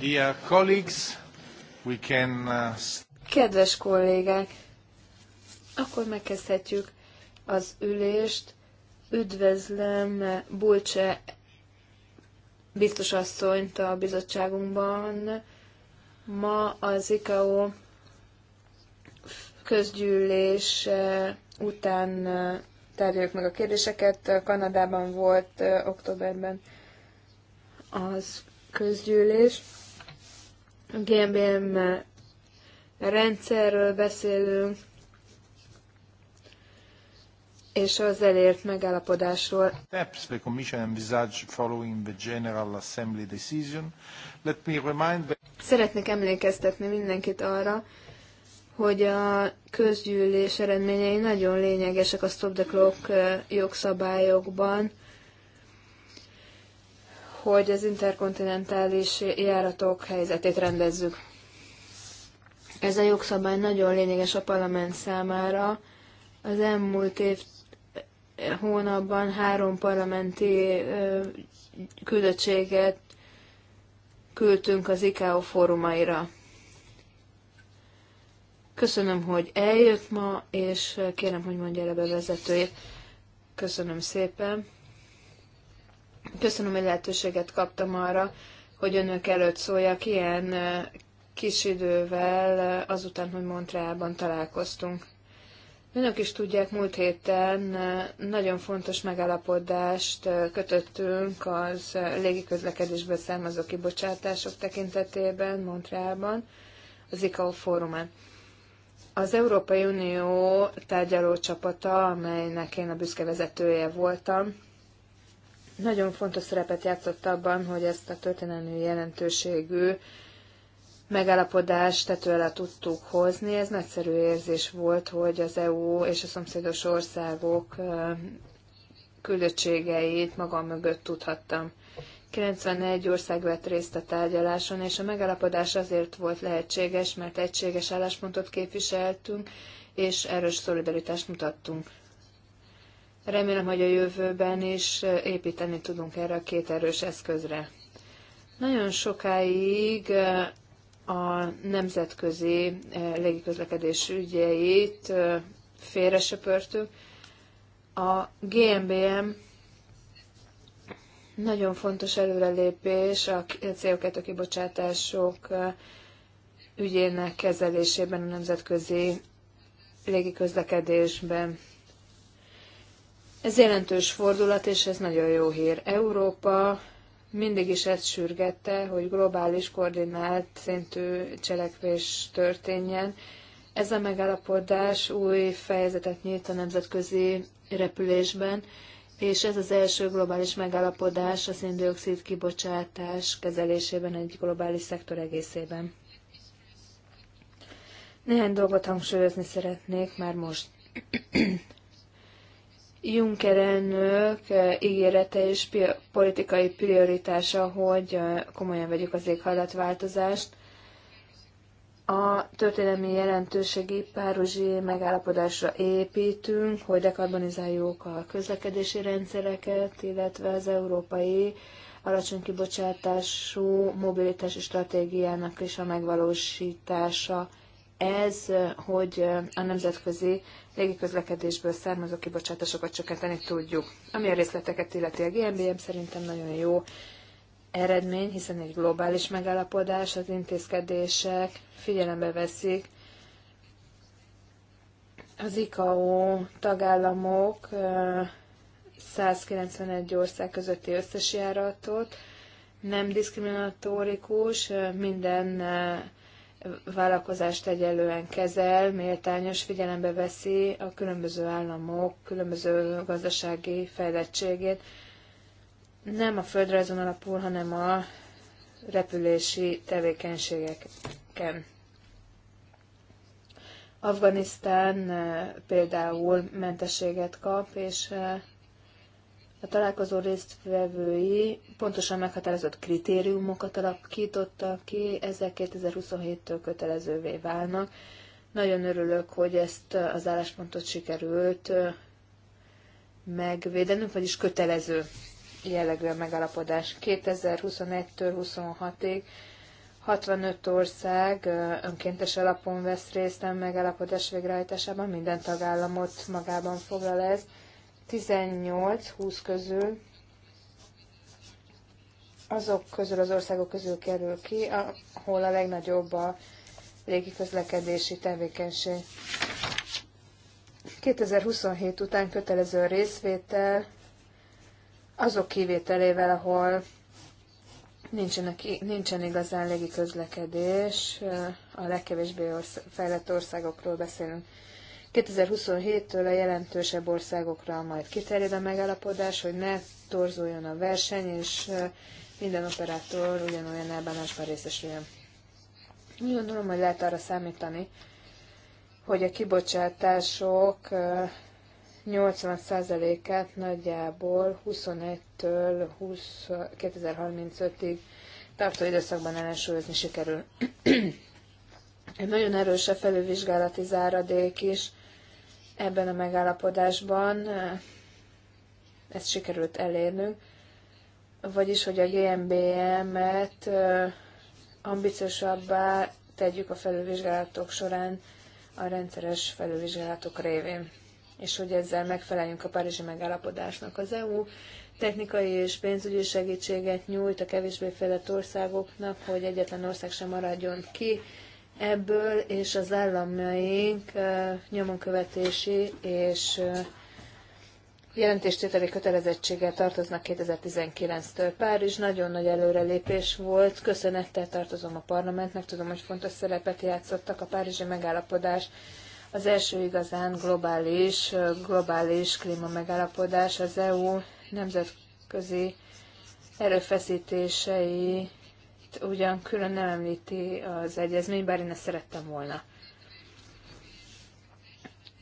Dear colleagues, we can... Uh, Kedves kollégák, akkor megkezdhetjük az ülést. Üdvözlöm Bulcse biztos a bizottságunkban. Ma az ICAO közgyűlés után uh, tárgyaljuk meg a kérdéseket. Kanadában volt uh, októberben az közgyűlés a GMBM rendszerről beszélünk, és az elért megállapodásról. Perhaps the Commission envisage following the General Assembly decision. Let me remind the... Szeretnék emlékeztetni mindenkit arra, hogy a közgyűlés eredményei nagyon lényegesek a Stop the Clock jogszabályokban, hogy az interkontinentális járatok helyzetét rendezzük. Ez a jogszabály nagyon lényeges a parlament számára. Az elmúlt év eh, hónapban három parlamenti eh, küldöttséget küldtünk az ICAO fórumaira. Köszönöm, hogy eljött ma, és eh, kérem, hogy mondja el a bevezetőjét. Köszönöm szépen. Köszönöm, hogy lehetőséget kaptam arra, hogy önök előtt szóljak ilyen kis idővel azután, hogy Montreában találkoztunk. Önök is tudják, múlt héten nagyon fontos megállapodást kötöttünk az légiközlekedésből származó kibocsátások tekintetében Montreában, az ICAO fórumán. Az Európai Unió tárgyaló csapata, amelynek én a büszke vezetője voltam, nagyon fontos szerepet játszott abban, hogy ezt a történelmi jelentőségű megállapodást tető alá tudtuk hozni. Ez nagyszerű érzés volt, hogy az EU és a szomszédos országok küldöttségeit magam mögött tudhattam. 91 ország vett részt a tárgyaláson, és a megállapodás azért volt lehetséges, mert egységes álláspontot képviseltünk, és erős szolidaritást mutattunk. Remélem, hogy a jövőben is eh, építeni tudunk erre a két erős eszközre. Nagyon sokáig eh, a nemzetközi eh, légiközlekedés ügyeit félresöpörtük. A GMBM nagyon fontos előrelépés a CO2 kibocsátások ügyének kezelésében a nemzetközi légiközlekedésben. Ez jelentős fordulat, és ez nagyon jó hír. Európa mindig is ezt sürgette, hogy globális, koordinált szintű cselekvés történjen. Ez a megállapodás új fejezetet nyit a nemzetközi repülésben, és ez az első globális megállapodás a széndiokszid kibocsátás kezelésében egy globális szektor egészében. Néhány dolgot hangsúlyozni szeretnék már most. Juncker elnök eh, ígérete és politikai prioritása, hogy eh, komolyan vegyük az éghajlatváltozást. A történelmi jelentőségi párosi megállapodásra építünk, hogy dekarbonizáljuk a közlekedési rendszereket, illetve az európai alacsony kibocsátású mobilitási stratégiának is a megvalósítása ez, hogy a nemzetközi közlekedésből származó kibocsátásokat csökkenteni tudjuk. Ami a részleteket illeti a GMBM szerintem nagyon jó eredmény, hiszen egy globális megállapodás, az intézkedések figyelembe veszik az ICAO tagállamok 191 ország közötti összes járatot, nem diszkriminatórikus, minden vállalkozást egyelően kezel, méltányos figyelembe veszi a különböző államok különböző gazdasági fejlettségét. Nem a földrajzon alapul, hanem a repülési tevékenységeken. Afganisztán eh, például mentességet kap, és eh, a találkozó résztvevői pontosan meghatározott kritériumokat alakítottak ki, ezek 2027-től kötelezővé válnak. Nagyon örülök, hogy ezt az álláspontot sikerült megvédenünk, vagyis kötelező jellegű a megalapodás. 2021-től 26-ig 65 ország önkéntes alapon vesz részt a megalapodás végrehajtásában, minden tagállamot magában foglal ez. 18-20 közül azok közül az országok közül kerül ki, ahol a legnagyobb a légiközlekedési tevékenység. 2027 után kötelező részvétel azok kivételével, ahol nincsen, nincsen igazán közlekedés a legkevésbé orsz, fejlett országokról beszélünk. 2027-től a jelentősebb országokra majd kiterjed a megállapodás, hogy ne torzuljon a verseny, és minden operátor ugyanolyan elbánásban részesüljön. Úgy gondolom, hogy lehet arra számítani, hogy a kibocsátások 80%-át nagyjából 21-től 2035-ig tartó időszakban ellensúlyozni sikerül. Egy nagyon erős a felülvizsgálati záradék is, ebben a megállapodásban ezt sikerült elérnünk, vagyis, hogy a gmbm et ambiciósabbá tegyük a felülvizsgálatok során a rendszeres felülvizsgálatok révén, és hogy ezzel megfeleljünk a Párizsi megállapodásnak. Az EU technikai és pénzügyi segítséget nyújt a kevésbé fejlett országoknak, hogy egyetlen ország sem maradjon ki ebből, és az államjaink nyomonkövetési és jelentéstételi kötelezettséggel tartoznak 2019-től. Párizs nagyon nagy előrelépés volt, köszönettel tartozom a parlamentnek, tudom, hogy fontos szerepet játszottak a párizsi megállapodás, az első igazán globális, globális klíma megállapodás az EU nemzetközi erőfeszítései ugyan külön nem említi az egyezmény, bár én ezt szerettem volna.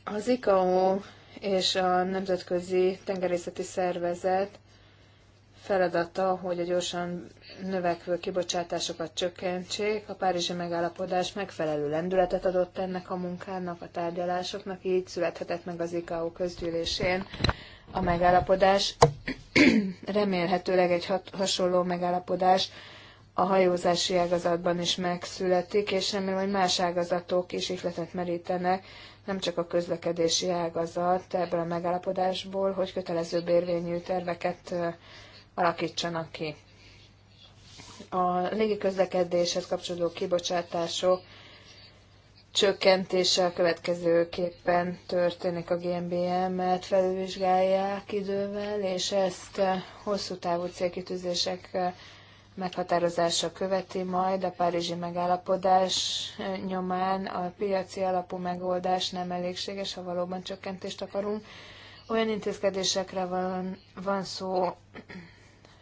Az ICAO és a Nemzetközi Tengerészeti Szervezet feladata, hogy a gyorsan növekvő kibocsátásokat csökkentsék. A Párizsi megállapodás megfelelő lendületet adott ennek a munkának, a tárgyalásoknak, így születhetett meg az ICAO közgyűlésén a megállapodás. Remélhetőleg egy hasonló megállapodás a hajózási ágazatban is megszületik, és remélem, hogy más ágazatok is ihletet merítenek, nem csak a közlekedési ágazat ebből a megállapodásból, hogy kötelező bérvényű terveket alakítsanak ki. A közlekedéshez kapcsolódó kibocsátások csökkentése a következőképpen történik a GMBM-et, felülvizsgálják idővel, és ezt hosszú távú célkitűzések meghatározása követi majd a párizsi megállapodás nyomán a piaci alapú megoldás nem elégséges, ha valóban csökkentést akarunk. Olyan intézkedésekre van, van szó,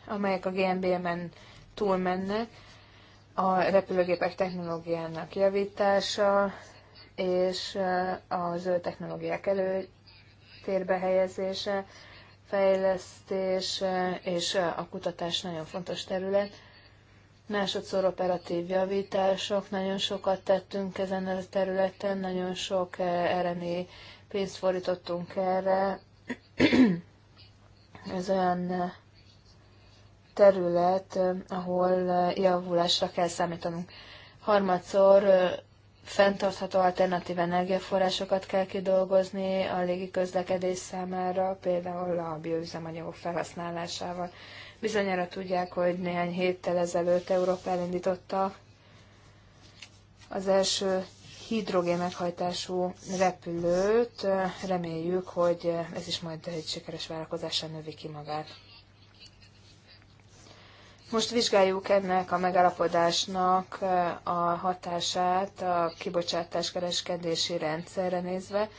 amelyek a GMBM-en túlmennek, a repülőgépek technológiának javítása és a zöld technológiák előtérbe helyezése, fejlesztés és a kutatás nagyon fontos terület. Másodszor operatív javítások, nagyon sokat tettünk ezen a területen, nagyon sok eh, RNA pénzt fordítottunk erre. Ez olyan eh, terület, eh, ahol javulásra kell számítanunk. Harmadszor fenntartható alternatív energiaforrásokat kell kidolgozni a légi közlekedés számára, például a bioüzemanyagok felhasználásával. Bizonyára tudják, hogy néhány héttel ezelőtt Európa elindította az első hidrogén meghajtású repülőt. Reméljük, hogy ez is majd egy sikeres vállalkozásra növi ki magát. Most vizsgáljuk ennek a megállapodásnak eh, a hatását a kibocsátás kereskedési rendszerre nézve.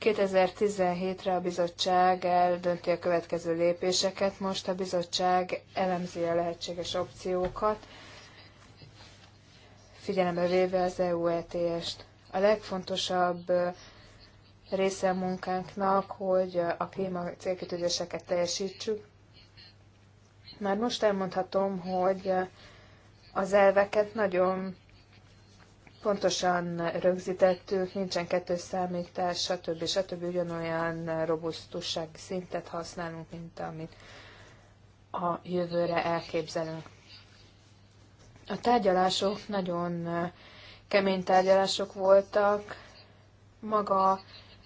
2017-re a bizottság eldönti a következő lépéseket, most a bizottság elemzi a lehetséges opciókat, figyelembe véve az EU ETS-t. A legfontosabb eh, része a munkánknak, hogy a klíma célkitűzéseket teljesítsük, már most elmondhatom, hogy az elveket nagyon pontosan rögzítettük, nincsen kettős számítás, stb. stb. ugyanolyan robusztusság szintet használunk, mint amit a jövőre elképzelünk. A tárgyalások nagyon kemény tárgyalások voltak, maga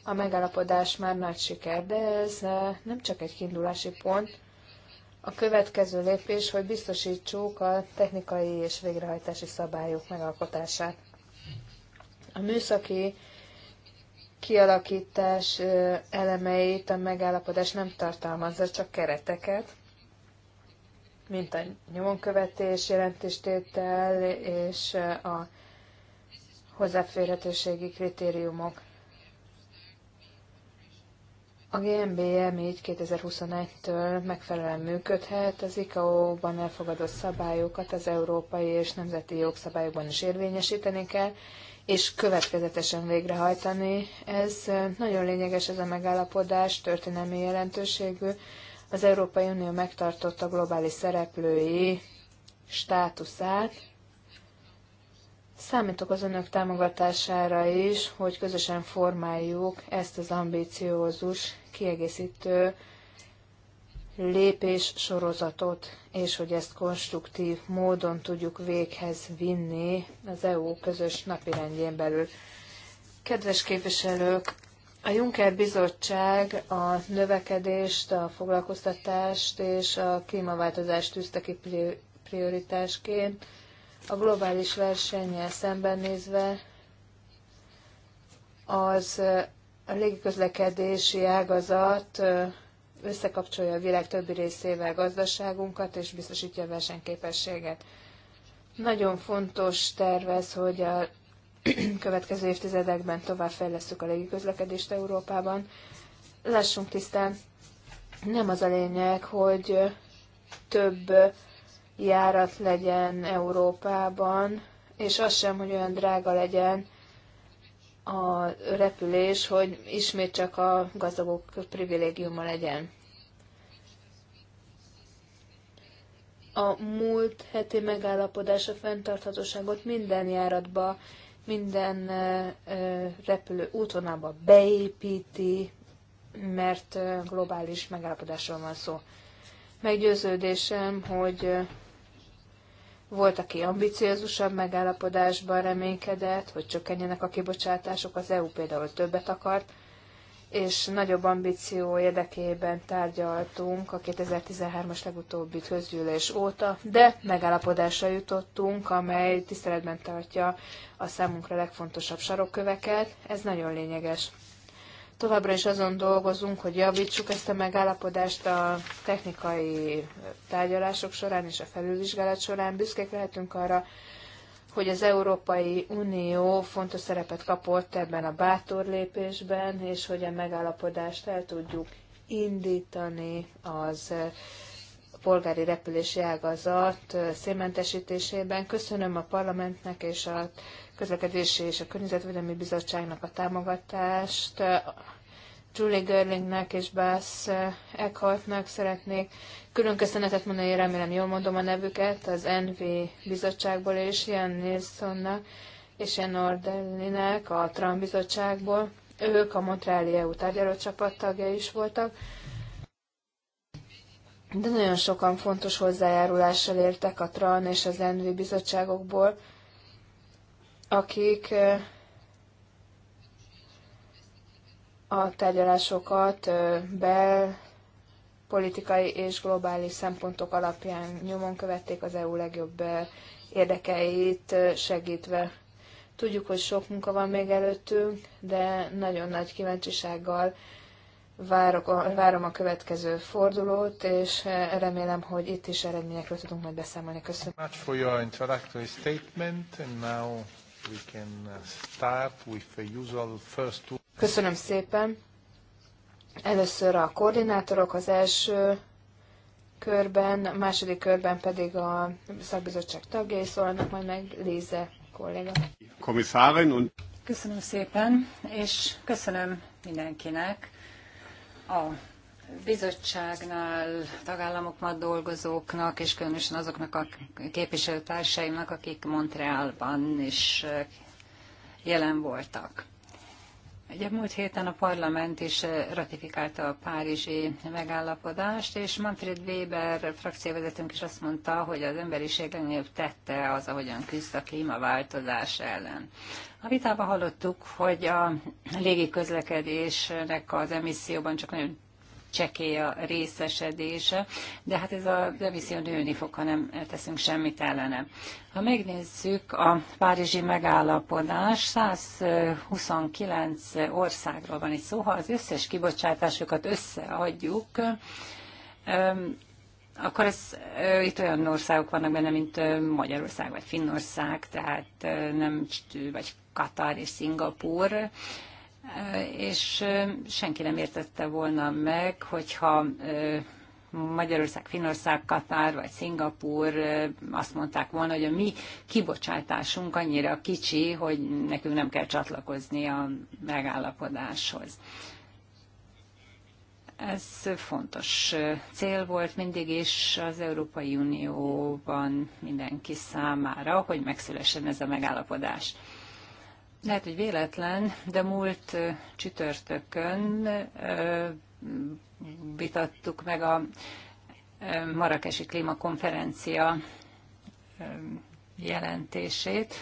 a megállapodás már nagy siker, de ez nem csak egy kiindulási pont, a következő lépés, hogy biztosítsuk a technikai és végrehajtási szabályok megalkotását. A műszaki kialakítás elemeit a megállapodás nem tartalmazza, csak kereteket, mint a nyomonkövetés, jelentéstétel és a hozzáférhetőségi kritériumok. A GMBM így 2021-től megfelelően működhet, az ICAO-ban elfogadott szabályokat az európai és nemzeti jogszabályokban is érvényesíteni kell, és következetesen végrehajtani. Ez nagyon lényeges ez a megállapodás, történelmi jelentőségű. Az Európai Unió megtartotta globális szereplői státuszát, Számítok az önök támogatására is, hogy közösen formáljuk ezt az ambíciózus, kiegészítő lépés sorozatot, és hogy ezt konstruktív módon tudjuk véghez vinni az EU közös rendjén belül. Kedves képviselők, a Juncker Bizottság a növekedést, a foglalkoztatást és a klímaváltozást tűzte ki prioritásként a globális versennyel szemben nézve az a légiközlekedési ágazat összekapcsolja a világ többi részével gazdaságunkat és biztosítja a versenyképességet. Nagyon fontos tervez, hogy a következő évtizedekben továbbfejlesztjük a légiközlekedést Európában. Lássunk tisztán, nem az a lényeg, hogy több járat legyen Európában, és az sem, hogy olyan drága legyen a repülés, hogy ismét csak a gazdagok privilégiuma legyen. A múlt heti megállapodás a fenntarthatóságot minden járatba, minden repülő útonába beépíti, mert globális megállapodásról van szó. Meggyőződésem, hogy volt, aki ambiciózusabb megállapodásban reménykedett, hogy csökkenjenek a kibocsátások, az EU például többet akart, és nagyobb ambíció érdekében tárgyaltunk a 2013-as legutóbbi közgyűlés óta, de megállapodásra jutottunk, amely tiszteletben tartja a számunkra legfontosabb sarokköveket. Ez nagyon lényeges. Továbbra is azon dolgozunk, hogy javítsuk ezt a megállapodást a technikai tárgyalások során és a felülvizsgálat során. Büszkék lehetünk arra, hogy az Európai Unió fontos szerepet kapott ebben a bátor lépésben, és hogy a megállapodást el tudjuk indítani az polgári repülési ágazat szémentesítésében. Köszönöm a parlamentnek és a közlekedési és a Környezetvédelmi Bizottságnak a támogatást. Julie Görlingnek és Bass Eckhartnak szeretnék külön köszönetet mondani, remélem jól mondom a nevüket, az NV bizottságból és Ian Nilssonnak és Ian Ordellinek a Trump bizottságból. Ők a Montreali EU tárgyalócsapat tagja is voltak de nagyon sokan fontos hozzájárulással értek a TRAN és az NV bizottságokból, akik a tárgyalásokat bel politikai és globális szempontok alapján nyomon követték az EU legjobb érdekeit segítve. Tudjuk, hogy sok munka van még előttünk, de nagyon nagy kíváncsisággal várok, várom a következő fordulót, és remélem, hogy itt is eredményekről tudunk majd beszámolni. Köszönöm. We can start with the usual first two. Köszönöm szépen. Először a koordinátorok az első körben, a második körben pedig a szakbizottság tagjai szólnak, majd meg Léze kolléga. Köszönöm szépen, és köszönöm mindenkinek a bizottságnál, tagállamoknak dolgozóknak, és különösen azoknak a képviselőtársaimnak, akik Montrealban is eh, jelen voltak. Ugye múlt héten a parlament is eh, ratifikálta a párizsi megállapodást, és Manfred Weber frakcióvezetőnk is azt mondta, hogy az emberiség legnagyobb tette az, ahogyan küzd a klímaváltozás ellen. A vitában hallottuk, hogy a légi közlekedésnek az emisszióban csak nagyon csekély a részesedése, de hát ez a emisszió nőni fog, ha nem teszünk semmit ellene. Ha megnézzük a párizsi megállapodás, 129 országról van itt szó, ha az összes kibocsátásokat összeadjuk, akkor ez, itt olyan országok vannak benne, mint Magyarország vagy Finnország, tehát nem, vagy Katar és Szingapur, és senki nem értette volna meg, hogyha Magyarország, Finnország, Katár vagy Szingapúr azt mondták volna, hogy a mi kibocsátásunk annyira kicsi, hogy nekünk nem kell csatlakozni a megállapodáshoz. Ez fontos cél volt mindig is az Európai Unióban mindenki számára, hogy megszülessen ez a megállapodás. Lehet, hogy véletlen, de múlt csütörtökön vitattuk meg a Marrakesi Klímakonferencia jelentését,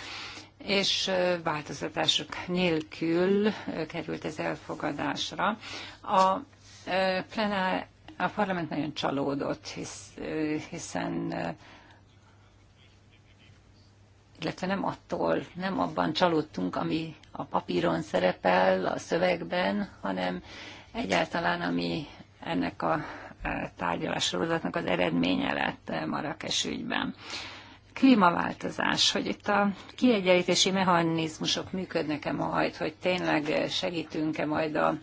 és változtatások nélkül került ez elfogadásra. A plenár, a parlament nagyon csalódott, hisz, hiszen illetve nem attól, nem abban csalódtunk, ami a papíron szerepel, a szövegben, hanem egyáltalán, ami ennek a e, tárgyalássorozatnak az eredménye lett e, Marrakes ügyben. Klímaváltozás, hogy itt a kiegyenlítési mechanizmusok működnek-e majd, hogy tényleg segítünk-e majd a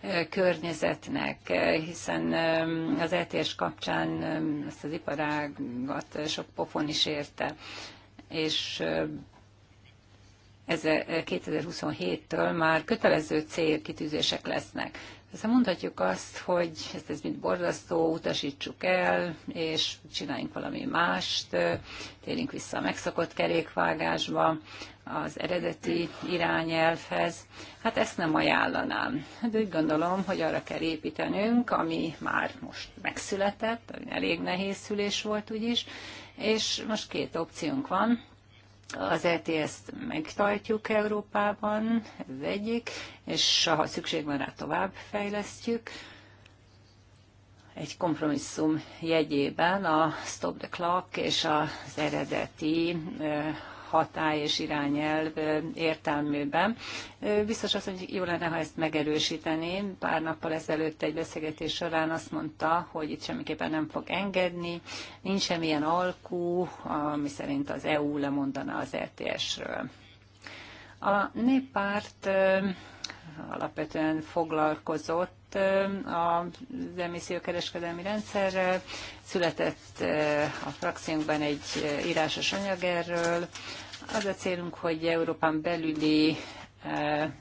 e, környezetnek, hiszen az ETS kapcsán ezt az iparágat sok pofon is érte és ez 2027-től már kötelező célkitűzések lesznek. Persze mondhatjuk azt, hogy ezt ez mind borzasztó, utasítsuk el, és csináljunk valami mást, térjünk vissza a megszokott kerékvágásba, az eredeti irányelvhez. Hát ezt nem ajánlanám. De hát úgy gondolom, hogy arra kell építenünk, ami már most megszületett, ami elég nehéz szülés volt úgyis, és most két opciónk van. Az ETS-t megtartjuk Európában, ez egyik, és ha szükség van rá, tovább fejlesztjük egy kompromisszum jegyében a Stop the Clock és az eredeti hatály és irányelv értelműben. Biztos az, hogy jó lenne, ha ezt megerősíteni. Pár nappal ezelőtt egy beszélgetés során azt mondta, hogy itt semmiképpen nem fog engedni, nincs semmilyen alkú, ami szerint az EU lemondana az RTS-ről. E a néppárt alapvetően foglalkozott az emissziókereskedelmi rendszerrel. Született a frakciónkban egy írásos anyag erről. Az a célunk, hogy Európán belüli e,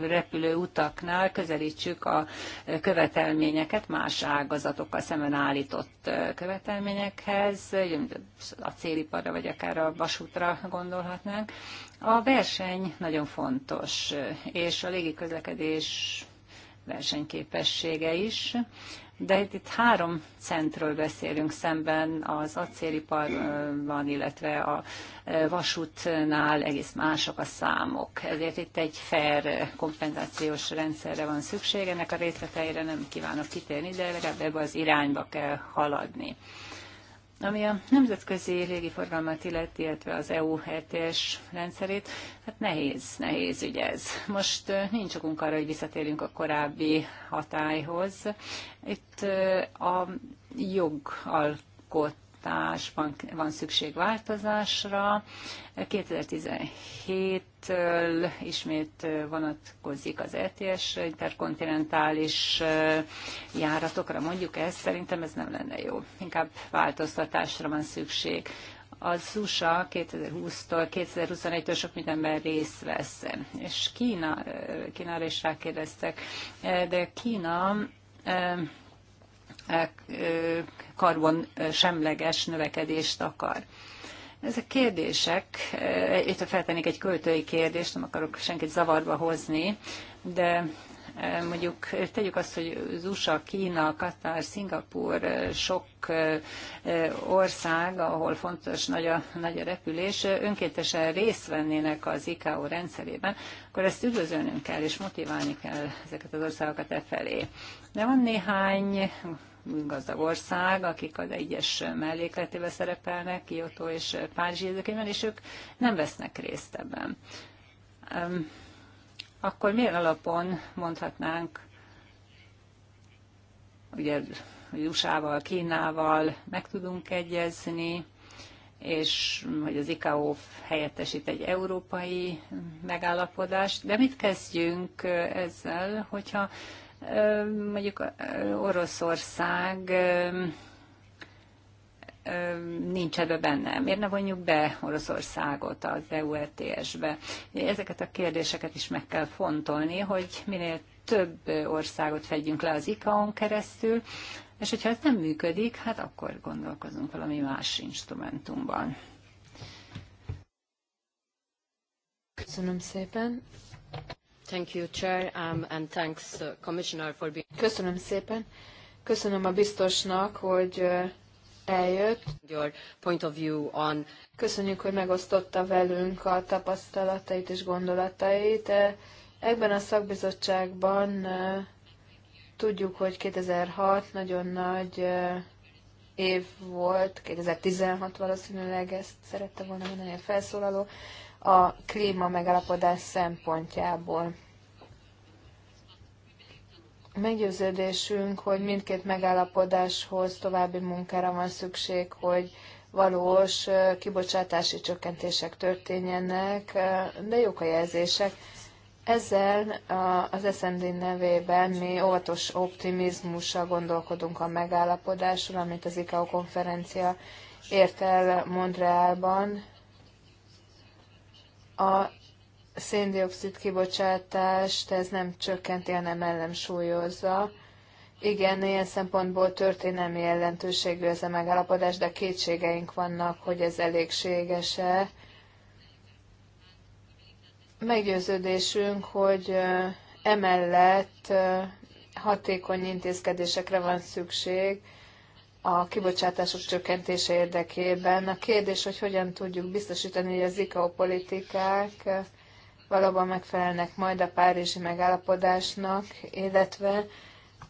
repülőutaknál közelítsük a követelményeket más ágazatokkal szemben állított e, követelményekhez, a céliparra vagy akár a vasútra gondolhatnánk. A verseny nagyon fontos, és a légiközlekedés versenyképessége is de itt, itt három centről beszélünk szemben az acéliparban, illetve a e, vasútnál egész mások a számok. Ezért itt egy fair kompenzációs rendszerre van szükség. Ennek a részleteire nem kívánok kitérni, de legalább ebbe az irányba kell haladni. Ami a nemzetközi légiforgalmat illeti, illetve az EU RTS rendszerét, hát nehéz, nehéz ügy ez. Most nincs okunk arra, hogy visszatérjünk a korábbi hatályhoz. Itt a jogalkot változtatásban van szükség változásra. 2017-től ismét vonatkozik az ETS interkontinentális járatokra, mondjuk ez, szerintem ez nem lenne jó. Inkább változtatásra van szükség az USA 2020-tól 2021-től sok mindenben részt vesz. És Kína, Kínára is rákérdeztek, de Kína karbon semleges növekedést akar. Ezek kérdések, itt feltennék egy költői kérdést, nem akarok senkit zavarba hozni, de e, mondjuk tegyük azt, hogy az USA, Kína, Katar, Szingapur, e, sok e, ország, ahol fontos nagy a, nagy a repülés, önkéntesen részt vennének az ICAO rendszerében, akkor ezt üdvözölnünk kell és motiválni kell ezeket az országokat e felé. De van néhány gazdag ország, akik az egyes mellékletébe szerepelnek, Kyoto és Párizsi érdekében, és ők nem vesznek részt ebben. Akkor milyen alapon mondhatnánk, ugye hogy USA-val, Kínával meg tudunk egyezni, és hogy az ICAO helyettesít egy európai megállapodást. De mit kezdjünk eh, ezzel, hogyha Mondjuk Oroszország nincs ebbe benne. Miért ne vonjuk be Oroszországot az eu be Ezeket a kérdéseket is meg kell fontolni, hogy minél több országot fedjünk le az ICAO-n keresztül, és hogyha ez nem működik, hát akkor gondolkozunk valami más instrumentumban. Köszönöm szépen. Köszönöm szépen. Köszönöm a biztosnak, hogy eljött. Your point of view on... Köszönjük, hogy megosztotta velünk a tapasztalatait és gondolatait. Ebben a szakbizottságban tudjuk, hogy 2006 nagyon nagy év volt, 2016 valószínűleg ezt szerette volna mondani a felszólaló a klíma megalapodás szempontjából. Meggyőződésünk, hogy mindkét megállapodáshoz további munkára van szükség, hogy valós kibocsátási csökkentések történjenek, de jók a jelzések. Ezzel az SMD nevében mi óvatos optimizmussal gondolkodunk a megállapodásról, amit az ICAO konferencia ért el Montrealban, a széndiokszid kibocsátást ez nem csökkenti, hanem súlyozza. Igen, ilyen szempontból történelmi jelentőségű ez a megállapodás, de kétségeink vannak, hogy ez elégséges-e. Meggyőződésünk, hogy emellett hatékony intézkedésekre van szükség, a kibocsátások csökkentése érdekében. A kérdés, hogy hogyan tudjuk biztosítani, hogy az ICAO politikák valóban megfelelnek majd a párizsi megállapodásnak, illetve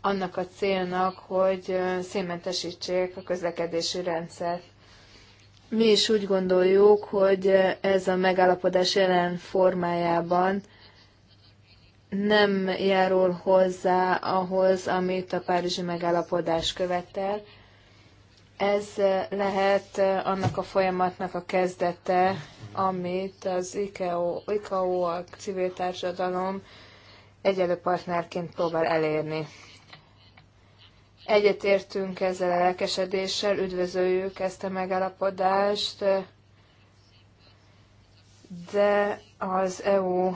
annak a célnak, hogy szémentesítsék a közlekedési rendszert. Mi is úgy gondoljuk, hogy ez a megállapodás jelen formájában nem járul hozzá ahhoz, amit a párizsi megállapodás követel, ez lehet annak a folyamatnak a kezdete, amit az ICAO, ICAO a civil társadalom egyelő partnerként próbál elérni. Egyetértünk ezzel a lelkesedéssel, üdvözöljük ezt a megállapodást, de az EU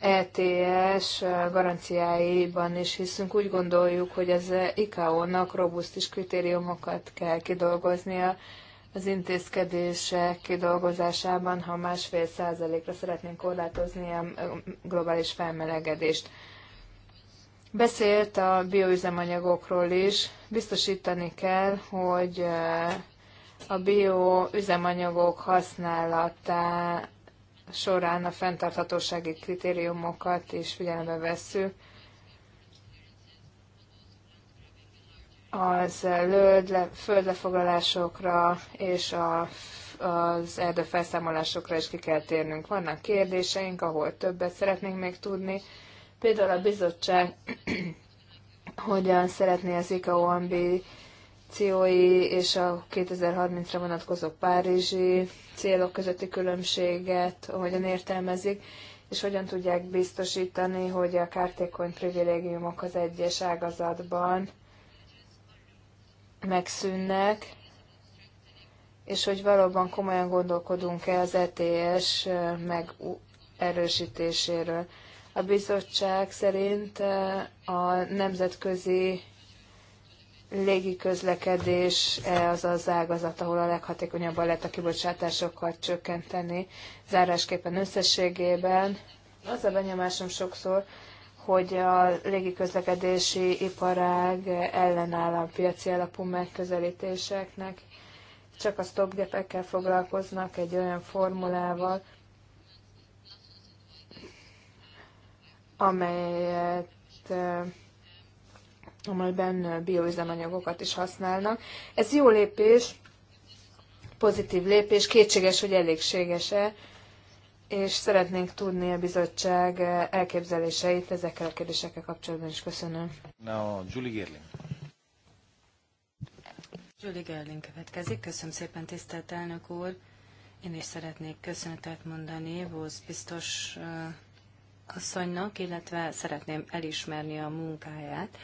ETS garanciáiban is hiszünk. Úgy gondoljuk, hogy az ICAO-nak robusztis kritériumokat kell kidolgoznia az intézkedések kidolgozásában, ha másfél százalékra szeretnénk korlátozni a globális felmelegedést. Beszélt a bioüzemanyagokról is. Biztosítani kell, hogy a bioüzemanyagok használatá során a fenntarthatósági kritériumokat is figyelembe vesszük. Az le, földlefoglalásokra és a, az erdőfelszámolásokra is ki kell térnünk. Vannak kérdéseink, ahol többet szeretnénk még tudni. Például a bizottság hogyan szeretné az ICAO-MB ambíciói és a 2030-ra vonatkozó párizsi célok közötti különbséget hogyan értelmezik, és hogyan tudják biztosítani, hogy a kártékony privilégiumok az egyes ágazatban megszűnnek, és hogy valóban komolyan gondolkodunk-e az ETS megerősítéséről. A bizottság szerint a nemzetközi légi közlekedés, az az ágazat, ahol a leghatékonyabban lehet a kibocsátásokat csökkenteni. Zárásképpen összességében az a benyomásom sokszor, hogy a légi közlekedési iparág ellenáll a piaci alapú megközelítéseknek, csak a stopgepekkel foglalkoznak egy olyan formulával, amelyet amelyben bioüzemanyagokat is használnak. Ez jó lépés, pozitív lépés, kétséges, hogy elégséges-e, és szeretnénk tudni a bizottság elképzeléseit ezekkel a kérdésekkel kapcsolatban is. Köszönöm. Now, Julie Gerling. Julie Gerling következik. Köszönöm szépen, tisztelt elnök úr. Én is szeretnék köszönetet mondani Vóz biztos asszonynak, illetve szeretném elismerni a munkáját.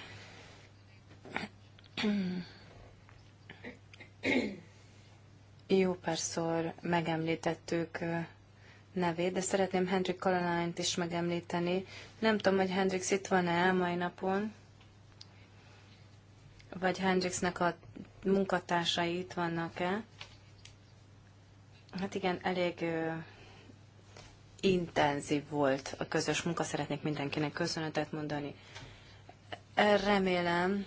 Jó párszor megemlítettük nevét, de szeretném Hendrik Kalalányt is megemlíteni. Nem tudom, hogy Hendrix itt van-e mai napon, vagy Hendrixnek a munkatársai itt vannak-e. Hát igen, elég ö, intenzív volt a közös munka, szeretnék mindenkinek köszönetet mondani. Remélem,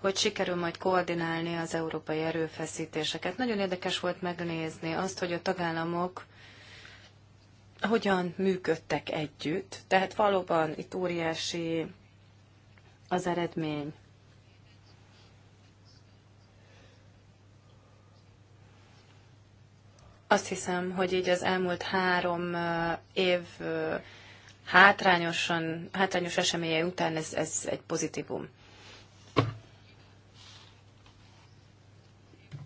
hogy sikerül majd koordinálni az európai erőfeszítéseket. Nagyon érdekes volt megnézni azt, hogy a tagállamok hogyan működtek együtt. Tehát valóban itt óriási az eredmény. Azt hiszem, hogy így az elmúlt három év hátrányosan, hátrányos eseménye után ez, ez egy pozitívum.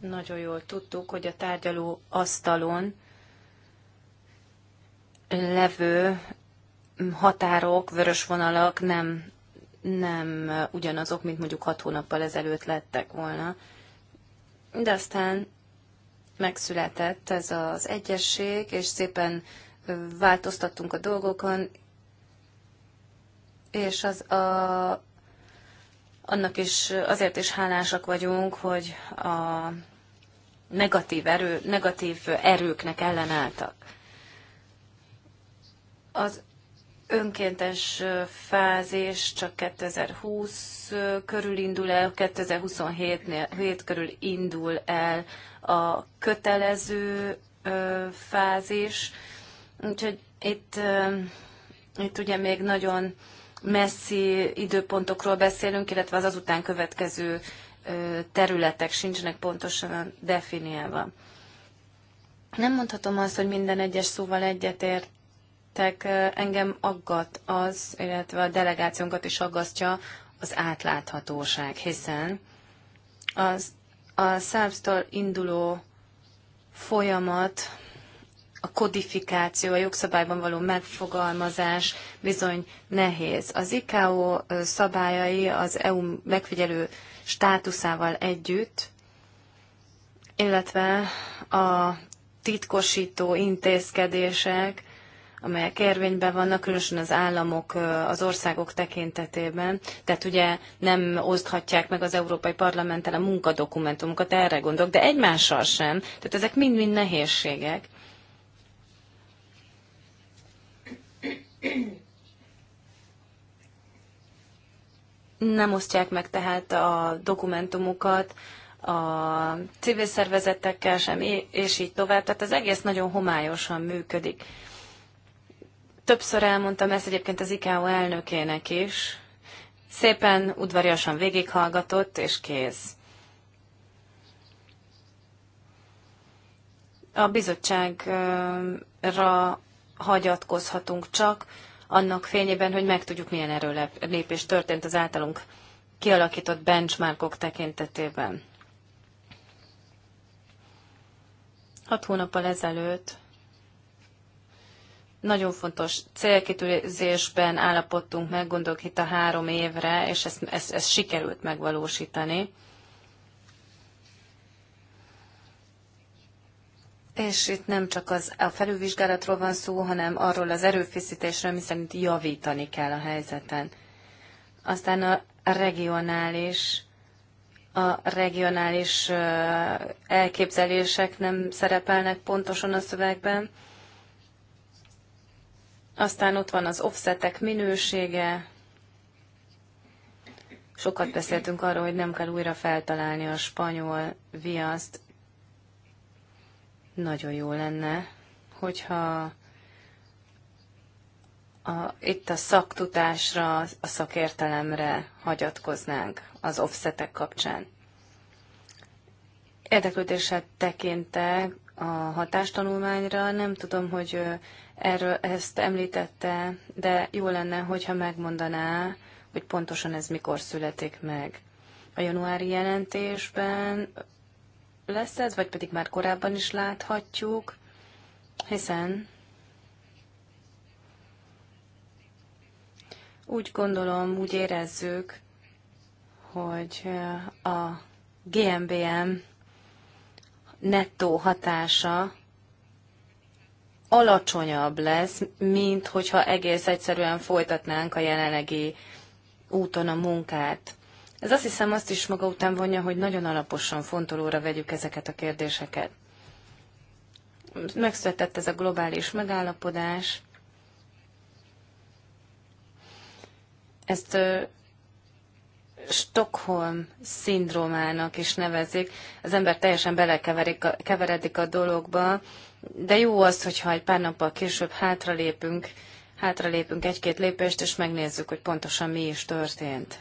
nagyon jól tudtuk, hogy a tárgyaló asztalon levő határok, vörös vonalak nem, nem ugyanazok, mint mondjuk hat hónappal ezelőtt lettek volna. De aztán megszületett ez az egyesség, és szépen változtattunk a dolgokon, és az a, annak is azért is hálásak vagyunk, hogy a negatív, erő, negatív erőknek ellenálltak. Az önkéntes fázis csak 2020 körül indul el, 2027 körül indul el a kötelező fázis. Úgyhogy itt, itt ugye még nagyon messzi időpontokról beszélünk, illetve az azután következő területek sincsenek pontosan definiálva. Nem mondhatom azt, hogy minden egyes szóval egyetértek. Engem aggat az, illetve a delegációnkat is aggasztja az átláthatóság, hiszen az, a szábsztól induló folyamat, a kodifikáció, a jogszabályban való megfogalmazás bizony nehéz. Az ICAO szabályai az EU megfigyelő státuszával együtt, illetve a titkosító intézkedések, amelyek érvényben vannak, különösen az államok, az országok tekintetében. Tehát ugye nem oszthatják meg az Európai Parlamenttel a munkadokumentumokat, erre gondolok, de egymással sem. Tehát ezek mind-mind nehézségek. nem osztják meg tehát a dokumentumukat a civil szervezetekkel sem, és így tovább. Tehát az egész nagyon homályosan működik. Többször elmondtam ezt egyébként az IKO elnökének is. Szépen udvariasan végighallgatott, és kész. A bizottságra hagyatkozhatunk csak, annak fényében, hogy megtudjuk, milyen erőlépés történt az általunk kialakított benchmarkok tekintetében. Hat hónappal ezelőtt nagyon fontos célkitűzésben állapodtunk meg, gondolok itt a három évre, és ezt, ezt, ezt sikerült megvalósítani. És itt nem csak az, a felülvizsgálatról van szó, hanem arról az erőfeszítésről, miszerint javítani kell a helyzeten. Aztán a regionális, a regionális elképzelések nem szerepelnek pontosan a szövegben. Aztán ott van az offsetek minősége. Sokat beszéltünk arról, hogy nem kell újra feltalálni a spanyol viaszt, nagyon jó lenne, hogyha a, itt a szaktutásra, a szakértelemre hagyatkoznánk az offsetek kapcsán. Érdeklődéssel tekinte a hatástanulmányra, nem tudom, hogy erről ezt említette, de jó lenne, hogyha megmondaná, hogy pontosan ez mikor születik meg. A januári jelentésben lesz ez, vagy pedig már korábban is láthatjuk, hiszen úgy gondolom, úgy érezzük, hogy a GMBM nettó hatása alacsonyabb lesz, mint hogyha egész egyszerűen folytatnánk a jelenlegi úton a munkát. Ez azt hiszem azt is maga után vonja, hogy nagyon alaposan fontolóra vegyük ezeket a kérdéseket. Megszületett ez a globális megállapodás. Ezt Stockholm szindrómának is nevezik. Az ember teljesen belekeveredik a dologba, de jó az, hogyha egy pár nappal később hátralépünk, hátralépünk egy-két lépést, és megnézzük, hogy pontosan mi is történt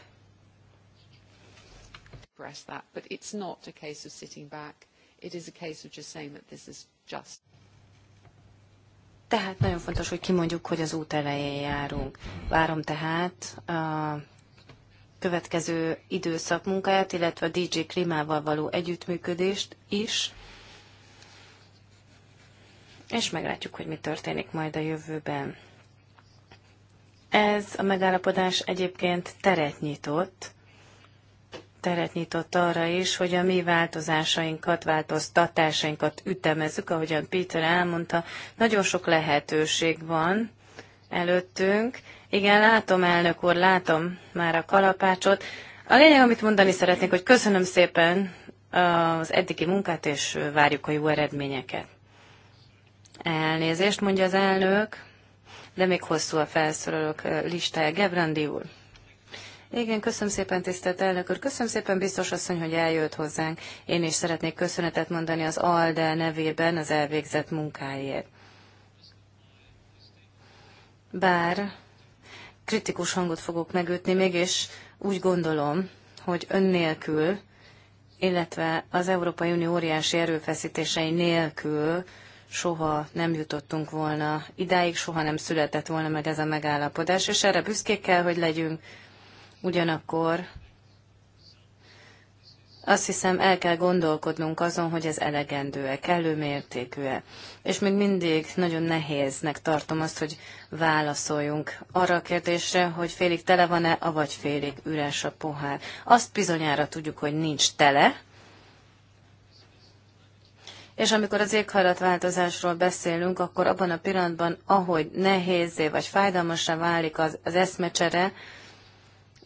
progress that. But it's not a case of sitting back. It is a case of just saying that this is just. Tehát nagyon fontos, hogy kimondjuk, hogy az út elején járunk. Várom tehát a következő időszak munkáját, illetve a DJ Klimával való együttműködést is, és meglátjuk, hogy mi történik majd a jövőben. Ez a megállapodás egyébként teret nyitott teret nyitott arra is, hogy a mi változásainkat, változtatásainkat ütemezzük, ahogyan Peter elmondta, nagyon sok lehetőség van előttünk. Igen, látom, elnök úr, látom már a kalapácsot. A lényeg, amit mondani szeretnék, hogy köszönöm szépen az eddigi munkát, és várjuk a jó eredményeket. Elnézést, mondja az elnök, de még hosszú a felszólalók listája. Gebrandi úr. Igen, köszönöm szépen, tisztelt elnök úr. Köszönöm szépen, biztos asszony, hogy eljött hozzánk. Én is szeretnék köszönetet mondani az ALDE nevében az elvégzett munkáért. Bár kritikus hangot fogok megütni, mégis úgy gondolom, hogy ön nélkül, illetve az Európai Unió óriási erőfeszítései nélkül soha nem jutottunk volna idáig, soha nem született volna meg ez a megállapodás, és erre büszkék kell, hogy legyünk, Ugyanakkor azt hiszem el kell gondolkodnunk azon, hogy ez elegendő-e, kellő mértékű-e. És még mindig nagyon nehéznek tartom azt, hogy válaszoljunk arra a kérdésre, hogy félig tele van-e, avagy félig üres a pohár. Azt bizonyára tudjuk, hogy nincs tele, és amikor az éghajlatváltozásról beszélünk, akkor abban a pillanatban, ahogy nehézé vagy fájdalmasra válik az, az eszmecsere,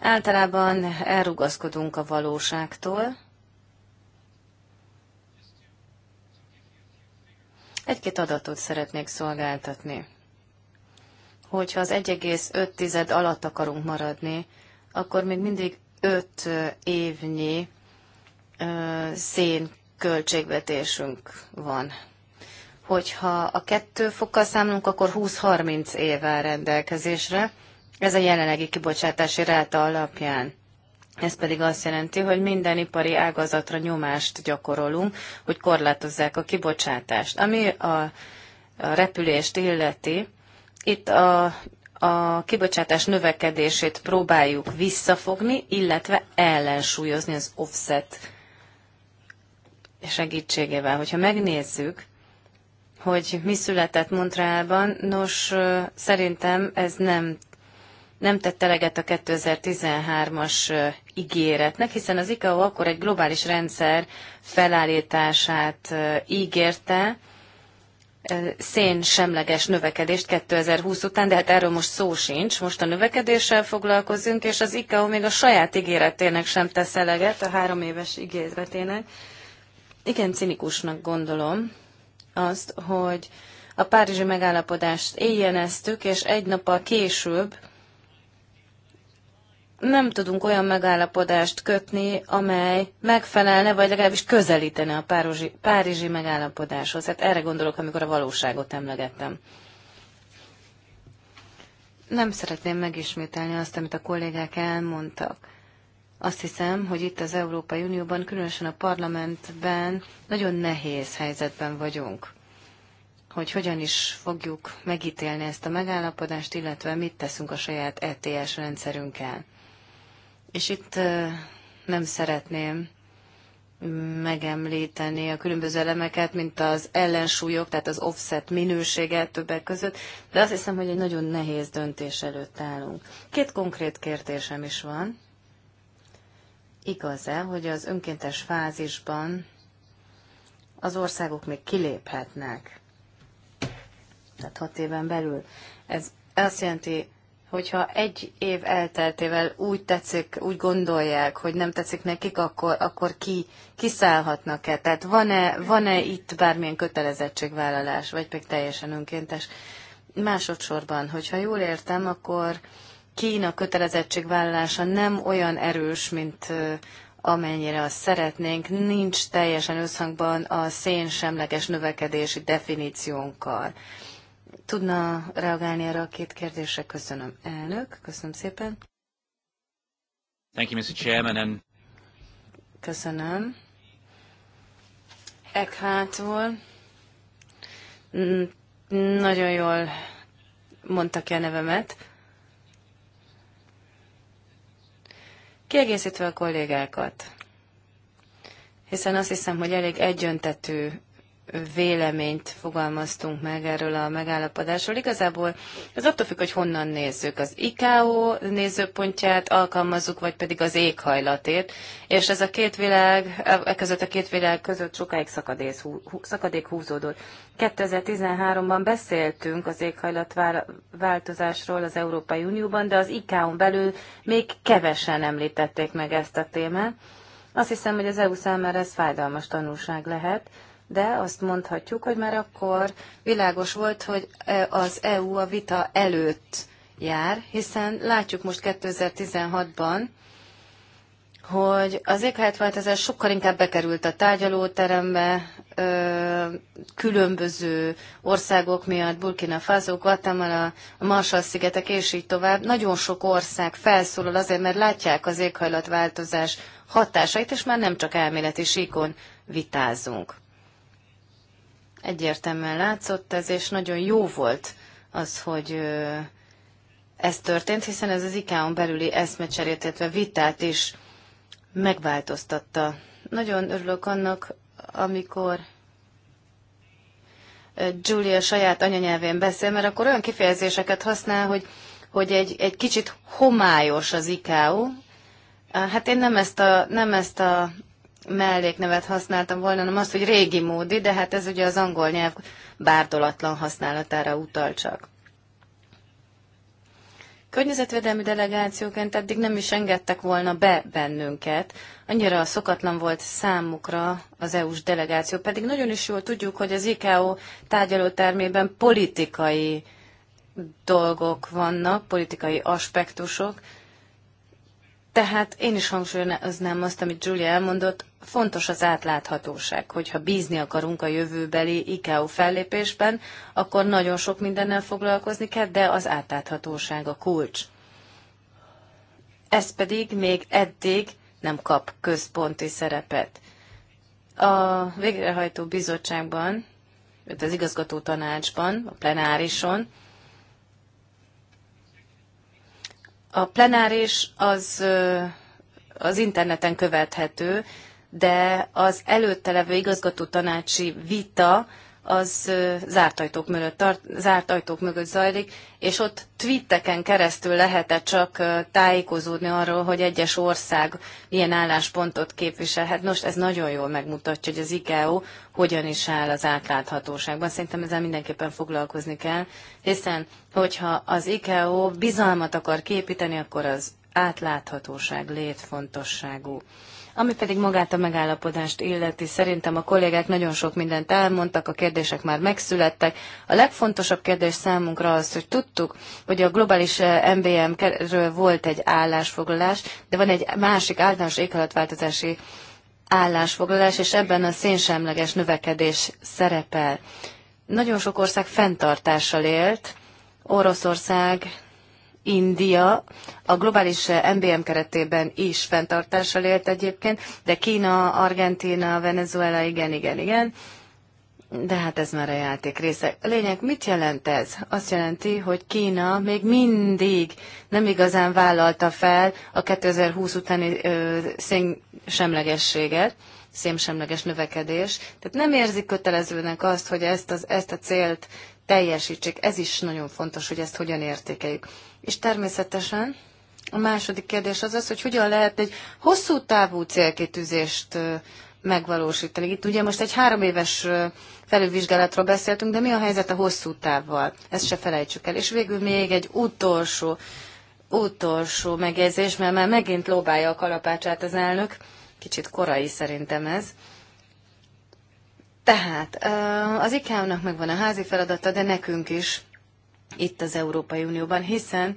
Általában elrugaszkodunk a valóságtól. Egy-két adatot szeretnék szolgáltatni. Hogyha az 1,5 alatt akarunk maradni, akkor még mindig 5 évnyi szén költségvetésünk van. Hogyha a kettő fokkal számolunk, akkor 20-30 év áll rendelkezésre. Ez a jelenlegi kibocsátási ráta alapján. Ez pedig azt jelenti, hogy minden ipari ágazatra nyomást gyakorolunk, hogy korlátozzák a kibocsátást. Ami a, a repülést illeti, itt a, a kibocsátás növekedését próbáljuk visszafogni, illetve ellensúlyozni az offset segítségével. Hogyha megnézzük, hogy mi született Montrealban, nos, szerintem ez nem nem tett eleget a 2013-as ígéretnek, hiszen az ICAO akkor egy globális rendszer felállítását ígérte, szénsemleges növekedést 2020 után, de hát erről most szó sincs. Most a növekedéssel foglalkozunk, és az ICAO még a saját ígéretének sem tesz eleget, a három éves ígéretének. Igen, cinikusnak gondolom azt, hogy a Párizsi megállapodást éjjeneztük, és egy nappal később nem tudunk olyan megállapodást kötni, amely megfelelne, vagy legalábbis közelítene a pározi, párizsi megállapodáshoz. Hát erre gondolok, amikor a valóságot emlegettem. Nem szeretném megismételni azt, amit a kollégák elmondtak. Azt hiszem, hogy itt az Európai Unióban, különösen a parlamentben nagyon nehéz helyzetben vagyunk hogy hogyan is fogjuk megítélni ezt a megállapodást, illetve mit teszünk a saját ETS rendszerünkkel. És itt nem szeretném megemlíteni a különböző elemeket, mint az ellensúlyok, tehát az offset minősége többek között, de azt hiszem, hogy egy nagyon nehéz döntés előtt állunk. Két konkrét kérdésem is van. Igaz-e, hogy az önkéntes fázisban az országok még kiléphetnek? Tehát hat éven belül. Ez azt jelenti hogyha egy év elteltével úgy tetszik, úgy gondolják, hogy nem tetszik nekik, akkor, akkor ki, kiszállhatnak-e? Tehát van-e, van-e itt bármilyen kötelezettségvállalás, vagy pedig teljesen önkéntes? Másodszorban, hogyha jól értem, akkor Kína kötelezettségvállalása nem olyan erős, mint amennyire azt szeretnénk, nincs teljesen összhangban a szénsemleges növekedési definíciónkkal. Tudna reagálni erre a két kérdésre? Köszönöm, elnök. Köszönöm szépen. Thank you, Mr. Chairman. And... Köszönöm. Eckhától. Mm, nagyon jól mondta ki a nevemet. Kiegészítve a kollégákat, hiszen azt hiszem, hogy elég egyöntetű véleményt fogalmaztunk meg erről a megállapodásról. Igazából ez attól függ, hogy honnan nézzük. Az ICAO nézőpontját alkalmazzuk, vagy pedig az éghajlatét. És ez a két világ, e között a két világ között sokáig szakadék, szakadék húzódott. 2013-ban beszéltünk az éghajlatváltozásról az Európai Unióban, de az ICAO-n belül még kevesen említették meg ezt a témát. Azt hiszem, hogy az EU számára ez fájdalmas tanulság lehet de azt mondhatjuk, hogy már akkor világos volt, hogy eh, az EU a vita előtt jár, hiszen látjuk most 2016-ban, hogy az éghajlatváltozás sokkal inkább bekerült a tárgyalóterembe, különböző országok miatt, Burkina Faso, Guatemala, a Marshall-szigetek és így tovább. Nagyon sok ország felszólal azért, mert látják az éghajlatváltozás hatásait, és már nem csak elméleti síkon vitázunk. Egyértelműen látszott ez, és nagyon jó volt az, hogy ez történt, hiszen ez az icao belüli eszmecserét, illetve vitát is megváltoztatta. Nagyon örülök annak, amikor Julia saját anyanyelvén beszél, mert akkor olyan kifejezéseket használ, hogy, hogy egy, egy kicsit homályos az ICAO. Hát én nem ezt a, nem ezt a melléknevet használtam volna, hanem azt, hogy régi módi, de hát ez ugye az angol nyelv bárdolatlan használatára utal csak. Környezetvédelmi delegációként eddig nem is engedtek volna be bennünket, annyira szokatlan volt számukra az EU-s delegáció, pedig nagyon is jól tudjuk, hogy az ICAO tárgyalótermében politikai dolgok vannak, politikai aspektusok, tehát én is hangsúlyoznám azt, amit Julia elmondott, fontos az átláthatóság, hogyha bízni akarunk a jövőbeli ICAO fellépésben, akkor nagyon sok mindennel foglalkozni kell, de az átláthatóság a kulcs. Ez pedig még eddig nem kap központi szerepet. A végrehajtó bizottságban, az igazgató tanácsban, a plenárison A plenáris az, az interneten követhető, de az előtte levő igazgató tanácsi vita az zárt ajtók, mögött, tart, zárt ajtók mögött zajlik, és ott twitteken keresztül lehetett csak tájékozódni arról, hogy egyes ország ilyen álláspontot képviselhet. Nos, ez nagyon jól megmutatja, hogy az ICAO e hogyan is áll az átláthatóságban. Szerintem ezzel mindenképpen foglalkozni kell, hiszen hogyha az ICAO e bizalmat akar képíteni, akkor az átláthatóság létfontosságú. Ami pedig magát a megállapodást illeti, szerintem a kollégák nagyon sok mindent elmondtak, a kérdések már megszülettek. A legfontosabb kérdés számunkra az, hogy tudtuk, hogy a globális eh, MBM-ről volt egy állásfoglalás, de van egy másik általános éghajlatváltozási állásfoglalás, és ebben a szénsemleges növekedés szerepel. Nagyon sok ország fenntartással élt, Oroszország, India a globális MBM eh, keretében is fenntartással élt egyébként, de Kína, Argentina, Venezuela, igen, igen, igen. De hát ez már a játék része. A lényeg, mit jelent ez? Azt jelenti, hogy Kína még mindig nem igazán vállalta fel a 2020 utáni szénsemlegességet, szénsemleges növekedés. Tehát nem érzik kötelezőnek azt, hogy ezt, az, ezt a célt teljesítsék. Ez is nagyon fontos, hogy ezt hogyan értékeljük. És természetesen a második kérdés az az, hogy hogyan lehet egy hosszú távú célkitűzést megvalósítani. Itt ugye most egy három éves felülvizsgálatról beszéltünk, de mi a helyzet a hosszú távval? Ezt se felejtsük el. És végül még egy utolsó, utolsó megjegyzés, mert már megint lóbálja a kalapácsát az elnök. Kicsit korai szerintem ez. Tehát az IKEA-nak megvan a házi feladata, de nekünk is itt az Európai Unióban, hiszen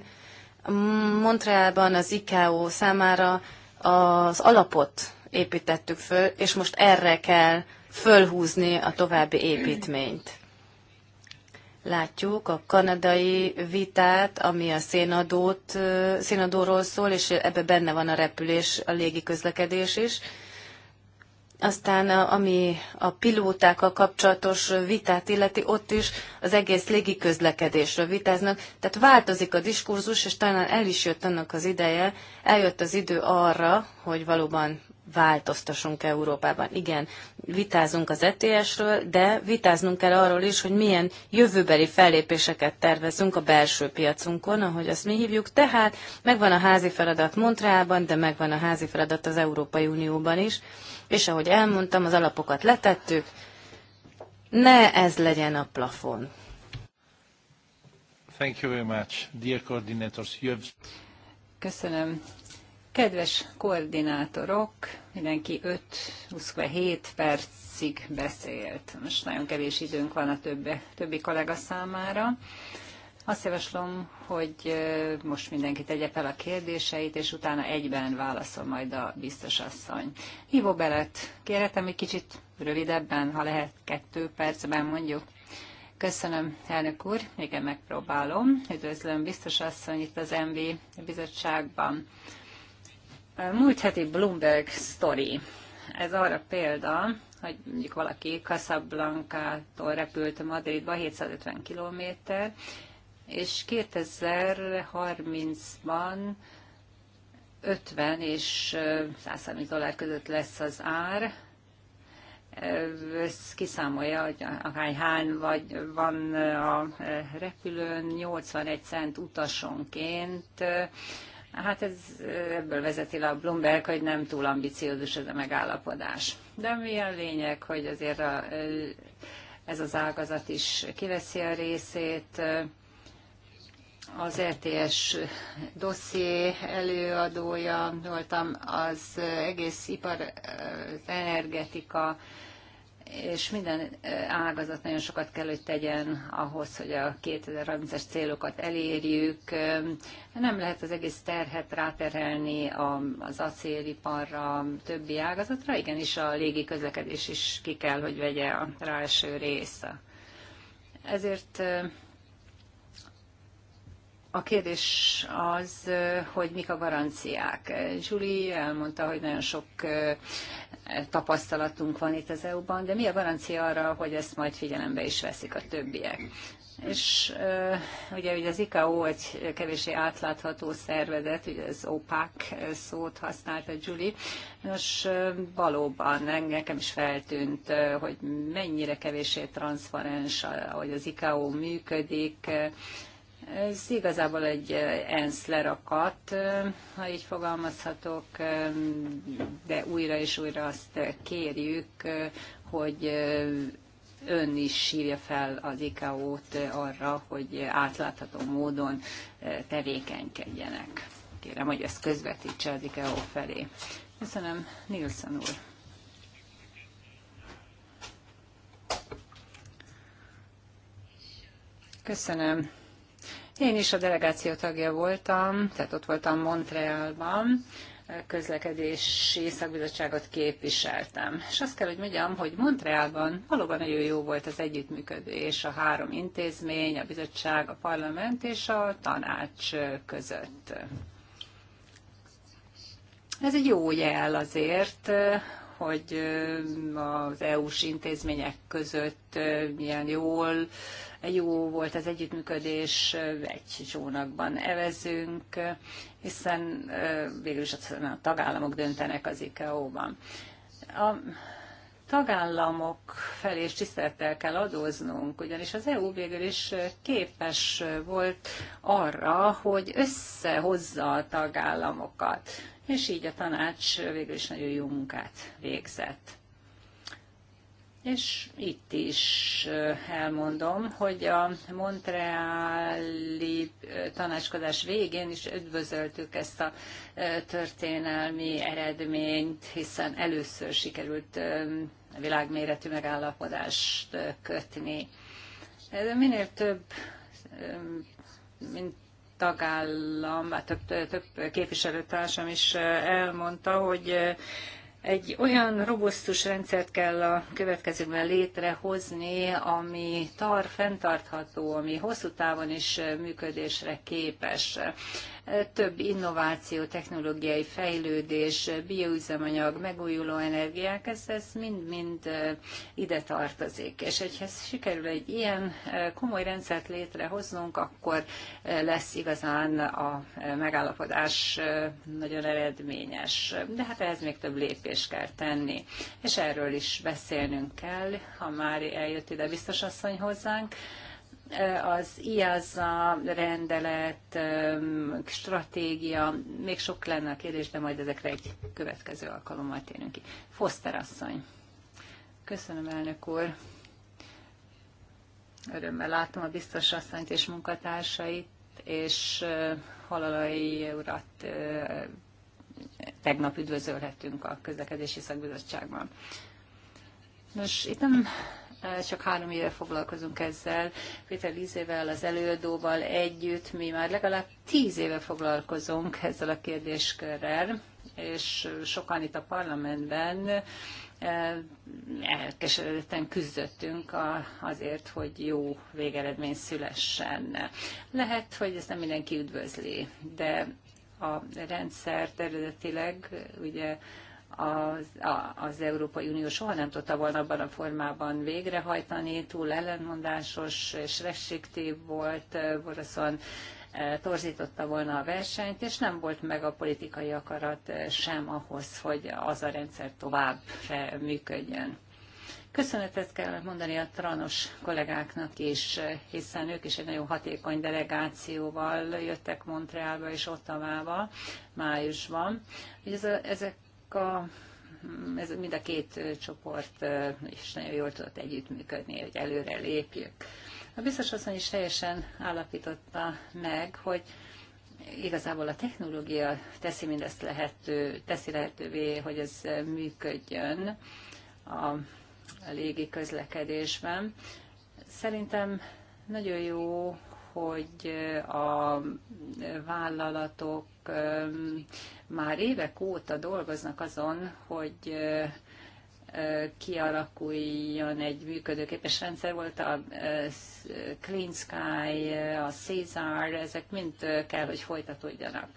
Montrealban az ICAO számára az alapot építettük föl, és most erre kell fölhúzni a további építményt. Látjuk a kanadai vitát, ami a szénadót, szénadóról szól, és ebbe benne van a repülés, a légi közlekedés is. Aztán ami a pilótákkal kapcsolatos vitát illeti, ott is az egész légiközlekedésről vitáznak. Tehát változik a diskurzus, és talán el is jött annak az ideje, eljött az idő arra, hogy valóban változtassunk Európában. Igen, vitázunk az ETS-ről, de vitáznunk kell arról is, hogy milyen jövőbeli fellépéseket tervezünk a belső piacunkon, ahogy azt mi hívjuk. Tehát megvan a házi feladat Montreában, de megvan a házi feladat az Európai Unióban is és ahogy elmondtam, az alapokat letettük, ne ez legyen a plafon. Thank you very much, dear coordinators. You have... Köszönöm. Kedves koordinátorok, mindenki 5-27 percig beszélt. Most nagyon kevés időnk van a többi, többi kollega számára. Azt javaslom, hogy most mindenki tegye fel a kérdéseit, és utána egyben válaszol majd a biztos asszony. Hívó Belet, kérhetem egy kicsit rövidebben, ha lehet kettő percben mondjuk. Köszönöm, elnök úr. Igen, megpróbálom. Üdvözlöm biztos asszony itt az MV bizottságban. Múlt heti Bloomberg story. Ez arra példa, hogy mondjuk valaki Casablanca-tól repült Madridba 750 kilométer, és 2030-ban 50 és 130 dollár között lesz az ár. Ez kiszámolja, hogy akár hány vagy van a repülőn, 81 cent utasonként. Hát ez ebből vezeti le a Bloomberg, hogy nem túl ambiciózus ez a megállapodás. De mi a lényeg, hogy azért a, ez az ágazat is kiveszi a részét, az RTS e dosszié előadója voltam, az egész ipar, az energetika, és minden ágazat nagyon sokat kell, hogy tegyen ahhoz, hogy a 2030-as célokat elérjük. Nem lehet az egész terhet ráterelni az acéliparra, többi ágazatra, igenis a légi közlekedés is ki kell, hogy vegye a ráeső része. Ezért a kérdés az, hogy mik a garanciák. Julie elmondta, hogy nagyon sok tapasztalatunk van itt az EU-ban, de mi a garancia arra, hogy ezt majd figyelembe is veszik a többiek? És ugye, ugye az ICAO egy kevésé átlátható szervezet, ugye az OPAC szót használta Julie. Nos, valóban nekem is feltűnt, hogy mennyire kevésé transzparens, hogy az ICAO működik, ez igazából egy eh, ENSZ lerakat, eh, ha így fogalmazhatok, eh, de újra és újra azt kérjük, hogy ön is hívja fel az ICAO-t arra, hogy átlátható módon tevékenykedjenek. Kérem, hogy ezt közvetítse az ICAO felé. Köszönöm, Nilsson úr. Köszönöm. Én is a delegáció tagja voltam, tehát ott voltam Montrealban, közlekedési szakbizottságot képviseltem. És azt kell, hogy mondjam, hogy Montrealban valóban nagyon jó volt az együttműködés a három intézmény, a bizottság, a parlament és a tanács között. Ez egy jó jel azért, hogy az EU-s intézmények között milyen jól jó volt az együttműködés, egy csónakban evezünk, hiszen végül is a tagállamok döntenek az ICAO-ban. A tagállamok felé is tisztelettel kell adóznunk, ugyanis az EU végül is képes volt arra, hogy összehozza a tagállamokat, és így a tanács végül is nagyon jó munkát végzett. És itt is elmondom, hogy a Montreali tanácskozás végén is üdvözöltük ezt a történelmi eredményt, hiszen először sikerült világméretű megállapodást kötni. De minél több mint tagállam, vagy több, több képviselőtársam is elmondta, hogy egy olyan robusztus rendszert kell a következőkben létrehozni, ami tar fenntartható, ami hosszú távon is működésre képes több innováció, technológiai fejlődés, bioüzemanyag, megújuló energiák, ez, ez mind-mind ide tartozik. És hogyha sikerül egy ilyen komoly rendszert létrehoznunk, akkor lesz igazán a megállapodás nagyon eredményes. De hát ehhez még több lépés kell tenni. És erről is beszélnünk kell, ha már eljött ide biztos asszony hozzánk az IAZA rendelet, stratégia, még sok lenne a kérdés, de majd ezekre egy következő alkalommal térünk ki. Foster asszony. Köszönöm, elnök úr. Örömmel látom a biztos asszonyt és munkatársait, és halalai urat tegnap üdvözölhetünk a közlekedési szakbizottságban. Nos, itt nem Eh, csak három éve foglalkozunk ezzel. Péter Lizével, az előadóval együtt mi már legalább tíz éve foglalkozunk ezzel a kérdéskörrel, és sokan itt a parlamentben eh, elkeseredetten küzdöttünk azért, hogy jó végeredmény szülessen. Lehet, hogy ezt nem mindenki üdvözli, de a rendszer eredetileg ugye az, az Európai Unió soha nem tudta volna abban a formában végrehajtani, túl ellenmondásos és restriktív volt Boroszon, eh, eh, torzította volna a versenyt, és nem volt meg a politikai akarat eh, sem ahhoz, hogy az a rendszer tovább működjön. Köszönetet kell mondani a tranos kollégáknak is, hiszen ők is egy nagyon hatékony delegációval jöttek Montrealba és Ottavába májusban. ez a, ezek a ez mind a két csoport is nagyon jól tudott együttműködni, hogy előre lépjük. A biztos asszony is teljesen állapította meg, hogy igazából a technológia teszi mindezt lehető, teszi lehetővé, hogy ez működjön a légi közlekedésben. Szerintem nagyon jó, hogy a vállalatok már évek óta dolgoznak azon, hogy kialakuljon egy működőképes rendszer volt, a Clean Sky, a Cesar, ezek mind kell, hogy folytatódjanak.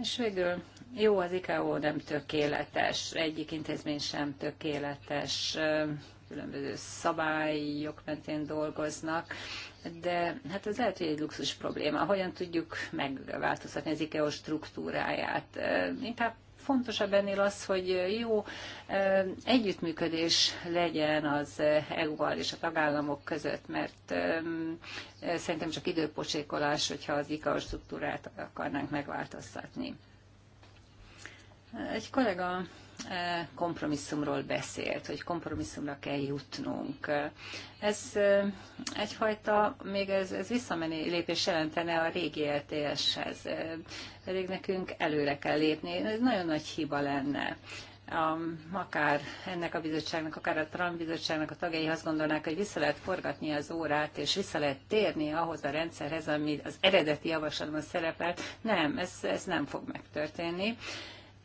És végül jó, az ICAO nem tökéletes, egyik intézmény sem tökéletes, különböző szabályok mentén dolgoznak, de hát ez lehet, hogy egy luxus probléma. Hogyan tudjuk megváltoztatni az IKEA struktúráját? Inkább fontosabb ennél az, hogy jó együttműködés legyen az EU-val és a tagállamok között, mert szerintem csak időpocsékolás, hogyha az IKEA struktúrát akarnánk megváltoztatni. Egy kollega kompromisszumról beszélt, hogy kompromisszumra kell jutnunk. Ez egyfajta, még ez, ez visszamenő lépés jelentene a régi LTS-hez. E pedig nekünk előre kell lépni. Ez nagyon nagy hiba lenne a, akár ennek a bizottságnak, akár a Trump bizottságnak a tagjai azt gondolnák, hogy vissza lehet forgatni az órát, és vissza lehet térni ahhoz a rendszerhez, ami az eredeti javaslatban szerepelt. Nem, ez, ez nem fog megtörténni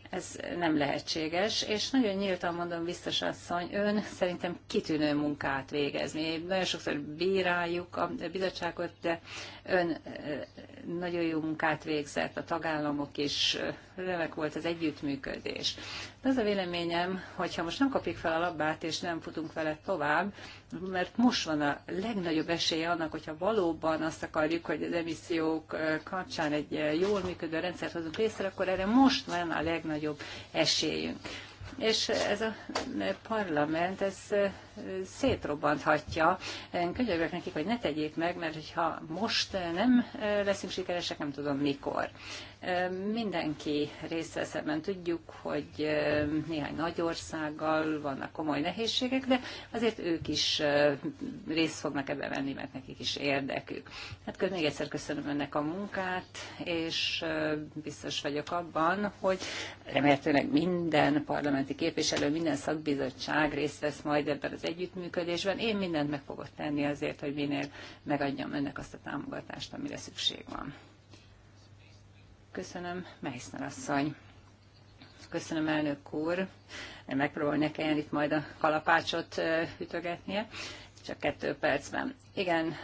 ez nem lehetséges, és nagyon nyíltan mondom, biztos asszony, ön szerintem kitűnő munkát végez. Mi nagyon sokszor bíráljuk a bizottságot, de Ön eh, nagyon jó munkát végzett, a tagállamok is, eh, remek volt az együttműködés. De az a véleményem, hogyha most nem kapjuk fel a labdát, és nem futunk vele tovább, mert most van a legnagyobb esélye annak, hogyha valóban azt akarjuk, hogy az emissziók eh, kapcsán egy jól működő rendszert hozunk részre, akkor erre most van a legnagyobb esélyünk és ez a parlament, ez szétrobbanthatja. Könyörgök nekik, hogy ne tegyék meg, mert ha most nem leszünk sikeresek, nem tudom mikor. Mindenki részt vesz ebben. Tudjuk, hogy néhány nagy országgal vannak komoly nehézségek, de azért ők is részt fognak ebben venni, mert nekik is érdekük. Hát még egyszer köszönöm önnek a munkát, és biztos vagyok abban, hogy remélhetőleg minden parlamenti képviselő, minden szakbizottság részt vesz majd ebben az együttműködésben. Én mindent meg fogok tenni azért, hogy minél megadjam önnek azt a támogatást, amire szükség van. Köszönöm, Meissner asszony. Köszönöm, elnök úr. Megpróbál ne kelljen itt majd a kalapácsot ütögetnie, csak kettő percben. Igen,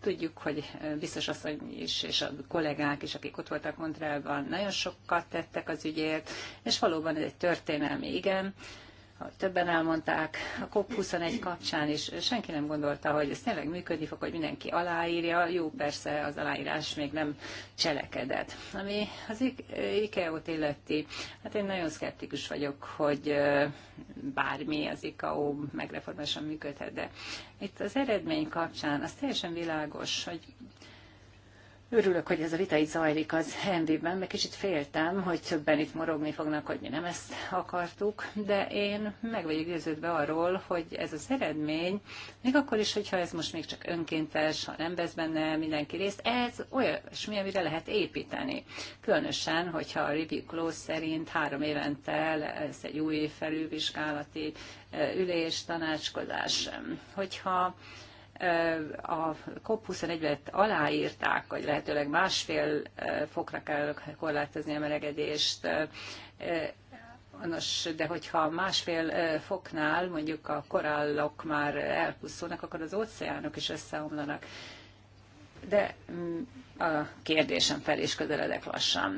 tudjuk, hogy biztos asszony is, és a kollégák is, akik ott voltak Montrealban, nagyon sokat tettek az ügyért, és valóban ez egy történelmi, igen többen elmondták, a COP21 kapcsán is senki nem gondolta, hogy ez tényleg működni fog, hogy mindenki aláírja. Jó, persze az aláírás még nem cselekedett. Ami az ICAO-t illeti, hát én nagyon szkeptikus vagyok, hogy bármi az ICAO megreformálisan működhet, de itt az eredmény kapcsán az teljesen világos, hogy Örülök, hogy ez a vita itt zajlik az Henryben, mert kicsit féltem, hogy többen itt morogni fognak, hogy mi nem ezt akartuk, de én meg vagyok győződve arról, hogy ez az eredmény, még akkor is, hogyha ez most még csak önkéntes, ha nem vesz benne mindenki részt, ez olyasmi, amire lehet építeni. Különösen, hogyha a Review Close szerint három évente lesz egy új felülvizsgálati eh, ülés, tanácskozás. Hogyha a cop 21 aláírták, hogy lehetőleg másfél fokra kell korlátozni a melegedést, Nos, de hogyha másfél foknál mondjuk a korallok már elpusztulnak, akkor az óceánok is összeomlanak. De mm, a kérdésem fel is közeledek lassan.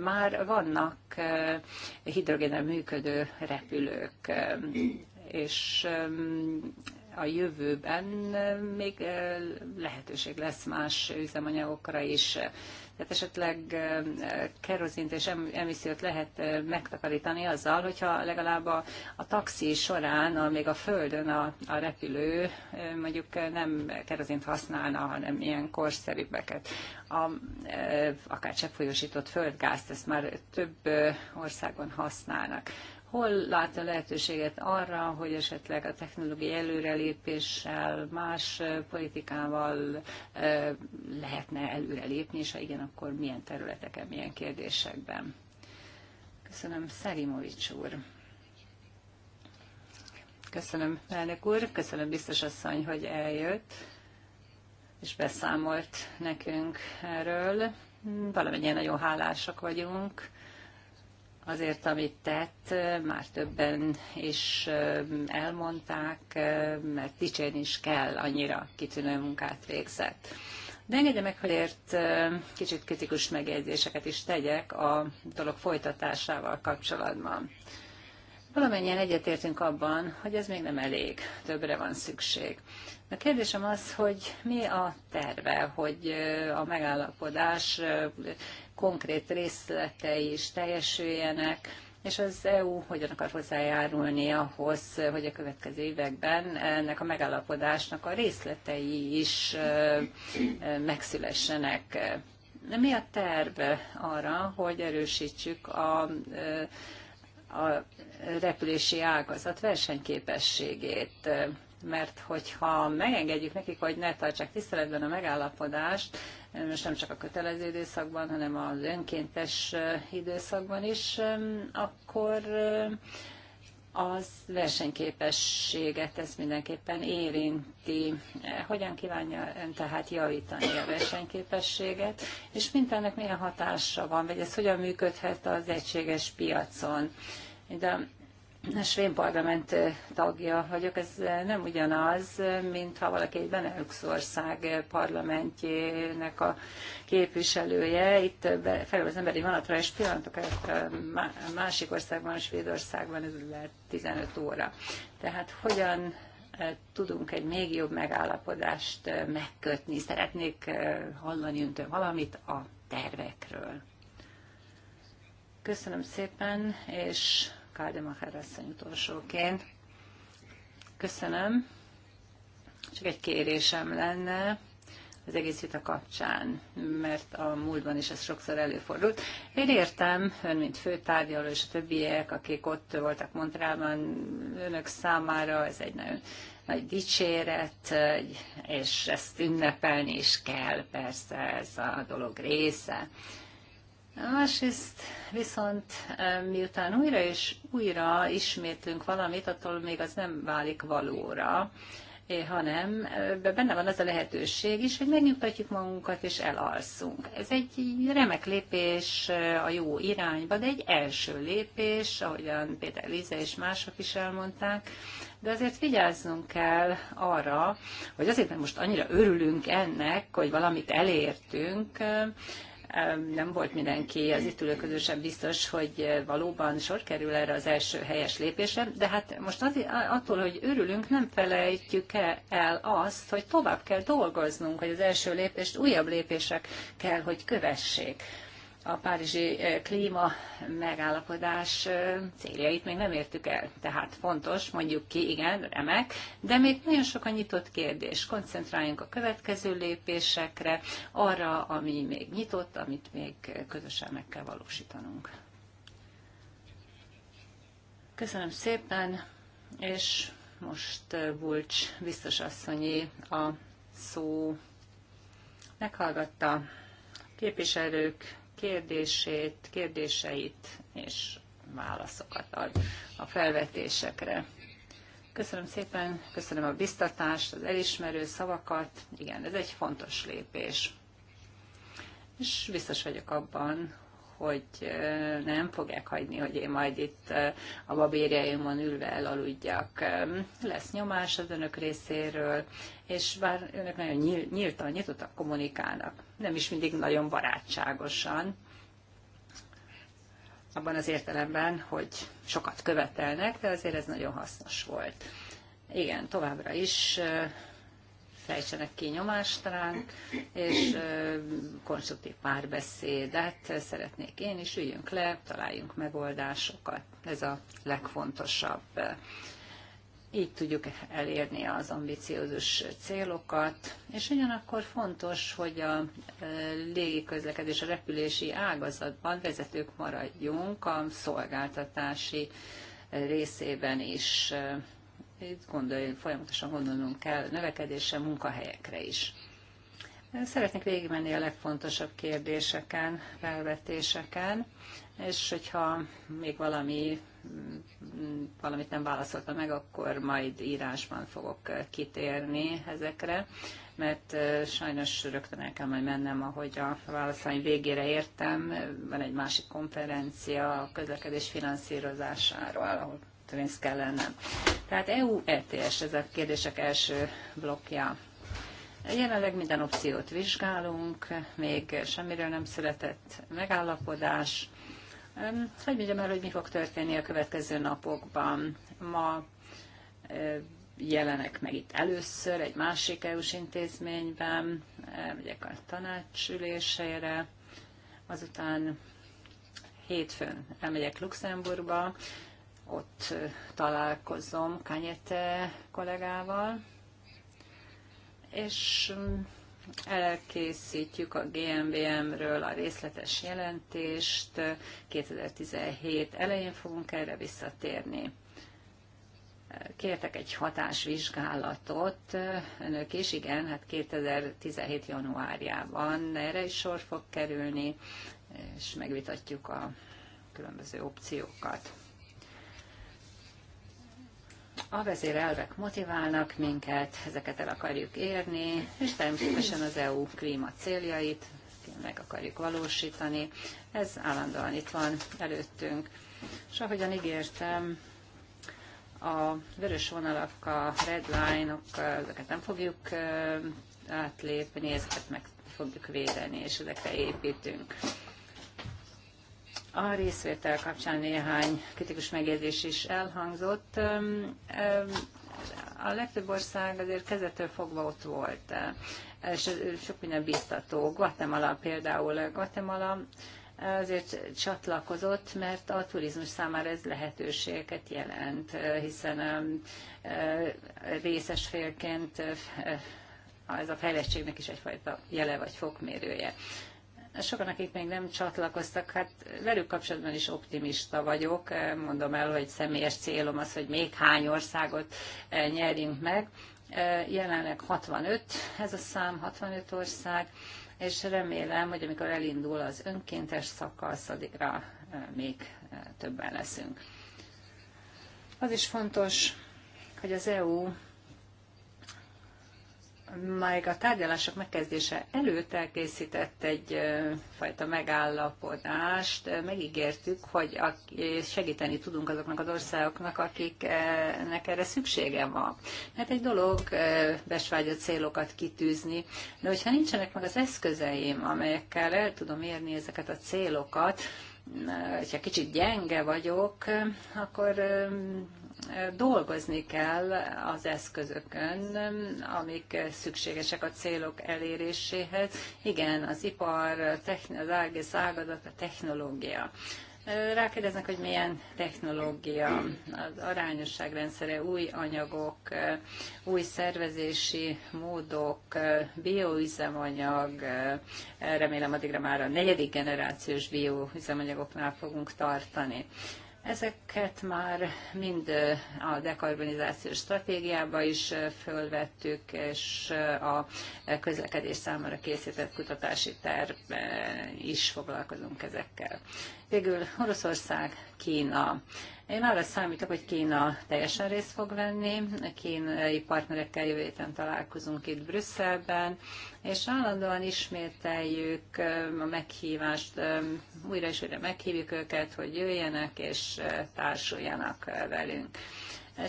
Már vannak hidrogénre működő repülők, és a jövőben még eh, lehetőség lesz más üzemanyagokra is. Tehát esetleg eh, kerozint és emissziót lehet eh, megtakarítani azzal, hogyha legalább a, a taxi során, a, még a földön a, a repülő mondjuk nem kerozint használna, hanem ilyen korszerűbbeket. A, akár cseppfolyósított földgázt, ezt már több országon használnak hol lát a lehetőséget arra, hogy esetleg a technológiai előrelépéssel, más politikával lehetne előrelépni, és ha igen, akkor milyen területeken, milyen kérdésekben? Köszönöm, Szerimovics úr. Köszönöm, elnök úr, köszönöm biztos asszony, hogy eljött és beszámolt nekünk erről. Valamennyien nagyon hálásak vagyunk azért, amit tett, már többen is elmondták, mert dicsérni is kell, annyira kitűnő munkát végzett. De engedje meg, hogy ért kicsit kritikus megjegyzéseket is tegyek a dolog folytatásával kapcsolatban. Valamennyien egyetértünk abban, hogy ez még nem elég, többre van szükség. A kérdésem az, hogy mi a terve, hogy a megállapodás konkrét részletei is teljesüljenek, és az EU hogyan akar hozzájárulni ahhoz, hogy a következő években ennek a megállapodásnak a részletei is megszülessenek. Mi a terv arra, hogy erősítsük a a repülési ágazat versenyképességét. Mert hogyha megengedjük nekik, hogy ne tartsák tiszteletben a megállapodást, most nem csak a kötelező időszakban, hanem az önkéntes eh, időszakban is, akkor eh, az versenyképességet ez mindenképpen érinti. Eh, hogyan kívánja ön tehát javítani a versenyképességet, és mint ennek milyen hatása van, vagy ez hogyan működhet az egységes piacon? De a Svén Parlament tagja vagyok, ez nem ugyanaz, mint ha valaki egy Benelux ország parlamentjének a képviselője. Itt felül az emberi vonatra, és pillanatok előtt másik országban, Svédországban ez lehet 15 óra. Tehát hogyan tudunk egy még jobb megállapodást megkötni? Szeretnék hallani öntől valamit a tervekről. Köszönöm szépen, és Kárdemacher asszony utolsóként. Köszönöm. Csak egy kérésem lenne az egész vita kapcsán, mert a múltban is ez sokszor előfordult. Én értem, ön, mint főtárgyaló és a többiek, akik ott voltak Montrában, önök számára ez egy nagyon nagy dicséret, és ezt ünnepelni is kell, persze ez a dolog része. Másrészt viszont miután újra és újra ismétlünk valamit, attól még az nem válik valóra, hanem benne van az a lehetőség is, hogy megnyugtatjuk magunkat és elalszunk. Ez egy remek lépés a jó irányba, de egy első lépés, ahogyan Péter Lize és mások is elmondták, de azért vigyáznunk kell arra, hogy azért, mert most annyira örülünk ennek, hogy valamit elértünk, nem volt mindenki az itt ülő közösen biztos, hogy valóban sor kerül erre az első helyes lépésre, de hát most az, attól, hogy örülünk, nem felejtjük e, el azt, hogy tovább kell dolgoznunk, hogy az első lépést újabb lépések kell, hogy kövessék a párizsi klíma megállapodás céljait még nem értük el. Tehát fontos, mondjuk ki, igen, remek, de még nagyon sok a nyitott kérdés. Koncentráljunk a következő lépésekre, arra, ami még nyitott, amit még közösen meg kell valósítanunk. Köszönöm szépen, és most Bulcs biztos asszonyi a szó meghallgatta képviselők kérdését, kérdéseit és válaszokat ad a felvetésekre. Köszönöm szépen, köszönöm a biztatást, az elismerő szavakat. Igen, ez egy fontos lépés. És biztos vagyok abban, hogy nem fogják hagyni, hogy én majd itt a babérjaimon ülve elaludjak. Lesz nyomás az önök részéről, és bár önök nagyon nyíltan, nyitottak kommunikálnak, nem is mindig nagyon barátságosan. Abban az értelemben, hogy sokat követelnek, de azért ez nagyon hasznos volt. Igen, továbbra is fejtsenek ki nyomást ránk, és konstruktív párbeszédet szeretnék én is, üljünk le, találjunk megoldásokat. Ez a legfontosabb így tudjuk elérni az ambiciózus célokat, és ugyanakkor fontos, hogy a légiközlekedés a repülési ágazatban vezetők maradjunk a szolgáltatási részében is. Itt gondolj, folyamatosan gondolnunk kell növekedésre, munkahelyekre is. Szeretnék végigmenni a legfontosabb kérdéseken, felvetéseken, és hogyha még valami valamit nem válaszolta meg, akkor majd írásban fogok kitérni ezekre, mert sajnos rögtön el kell majd mennem, ahogy a válaszai végére értem. Van egy másik konferencia a közlekedés finanszírozásáról, ahol részt kell lennem. Tehát EU ETS, ez a kérdések első blokja. Jelenleg minden opciót vizsgálunk, még semmiről nem született megállapodás, hogy mondjam el, hogy mi fog történni a következő napokban? Ma e, jelenek meg itt először egy másik EU-s intézményben, e, megyek a tanácsülésére, azután hétfőn elmegyek Luxemburgba, ott e, találkozom Kanyete kollégával, és elkészítjük a GMBM-ről a részletes jelentést, 2017 elején fogunk erre visszatérni. Kértek egy hatásvizsgálatot, önök is, igen, hát 2017 januárjában erre is sor fog kerülni, és megvitatjuk a különböző opciókat a vezérelvek motiválnak minket, ezeket el akarjuk érni, és természetesen az EU klíma céljait meg akarjuk valósítani. Ez állandóan itt van előttünk. És ahogyan ígértem, a vörös vonalak, a red line-ok, ezeket nem fogjuk átlépni, ezeket meg fogjuk védeni, és ezekre építünk. A részvétel kapcsán néhány kritikus megjegyzés is elhangzott. A legtöbb ország azért kezdettől fogva ott volt, eh, és sok minden biztató. Guatemala például, Guatemala azért csatlakozott, mert a turizmus számára ez lehetőséget jelent, eh, hiszen eh, részes félként ez a fejlettségnek is egyfajta jele vagy fokmérője sokan, akik még nem csatlakoztak, hát velük kapcsolatban is optimista vagyok. Mondom el, hogy személyes célom az, hogy még hány országot e, nyerjünk meg. E, jelenleg 65, ez a szám 65 ország, és remélem, hogy amikor elindul az önkéntes szakasz, addigra e, még többen leszünk. Az is fontos, hogy az EU még a tárgyalások megkezdése előtt elkészített egyfajta megállapodást. Megígértük, hogy segíteni tudunk azoknak az országoknak, akiknek erre szüksége van. Mert hát egy dolog besvágyott célokat kitűzni, de hogyha nincsenek meg az eszközeim, amelyekkel el tudom érni ezeket a célokat, hogyha kicsit gyenge vagyok, akkor dolgozni kell az eszközökön, amik szükségesek a célok eléréséhez. Igen, az ipar, az egész ágazat, a technológia. Rákérdeznek, hogy milyen technológia, az arányosság rendszere, új anyagok, új szervezési módok, bioüzemanyag, remélem addigra már a negyedik generációs bioüzemanyagoknál fogunk tartani. Ezeket már mind a dekarbonizációs stratégiába is fölvettük, és a közlekedés számára készített kutatási tervben is foglalkozunk ezekkel. Végül Oroszország, Kína. Én arra számítok, hogy Kína teljesen részt fog venni. Kínai partnerekkel jövő héten találkozunk itt Brüsszelben, és állandóan ismételjük a meghívást, újra és újra meghívjuk őket, hogy jöjjenek és társuljanak velünk.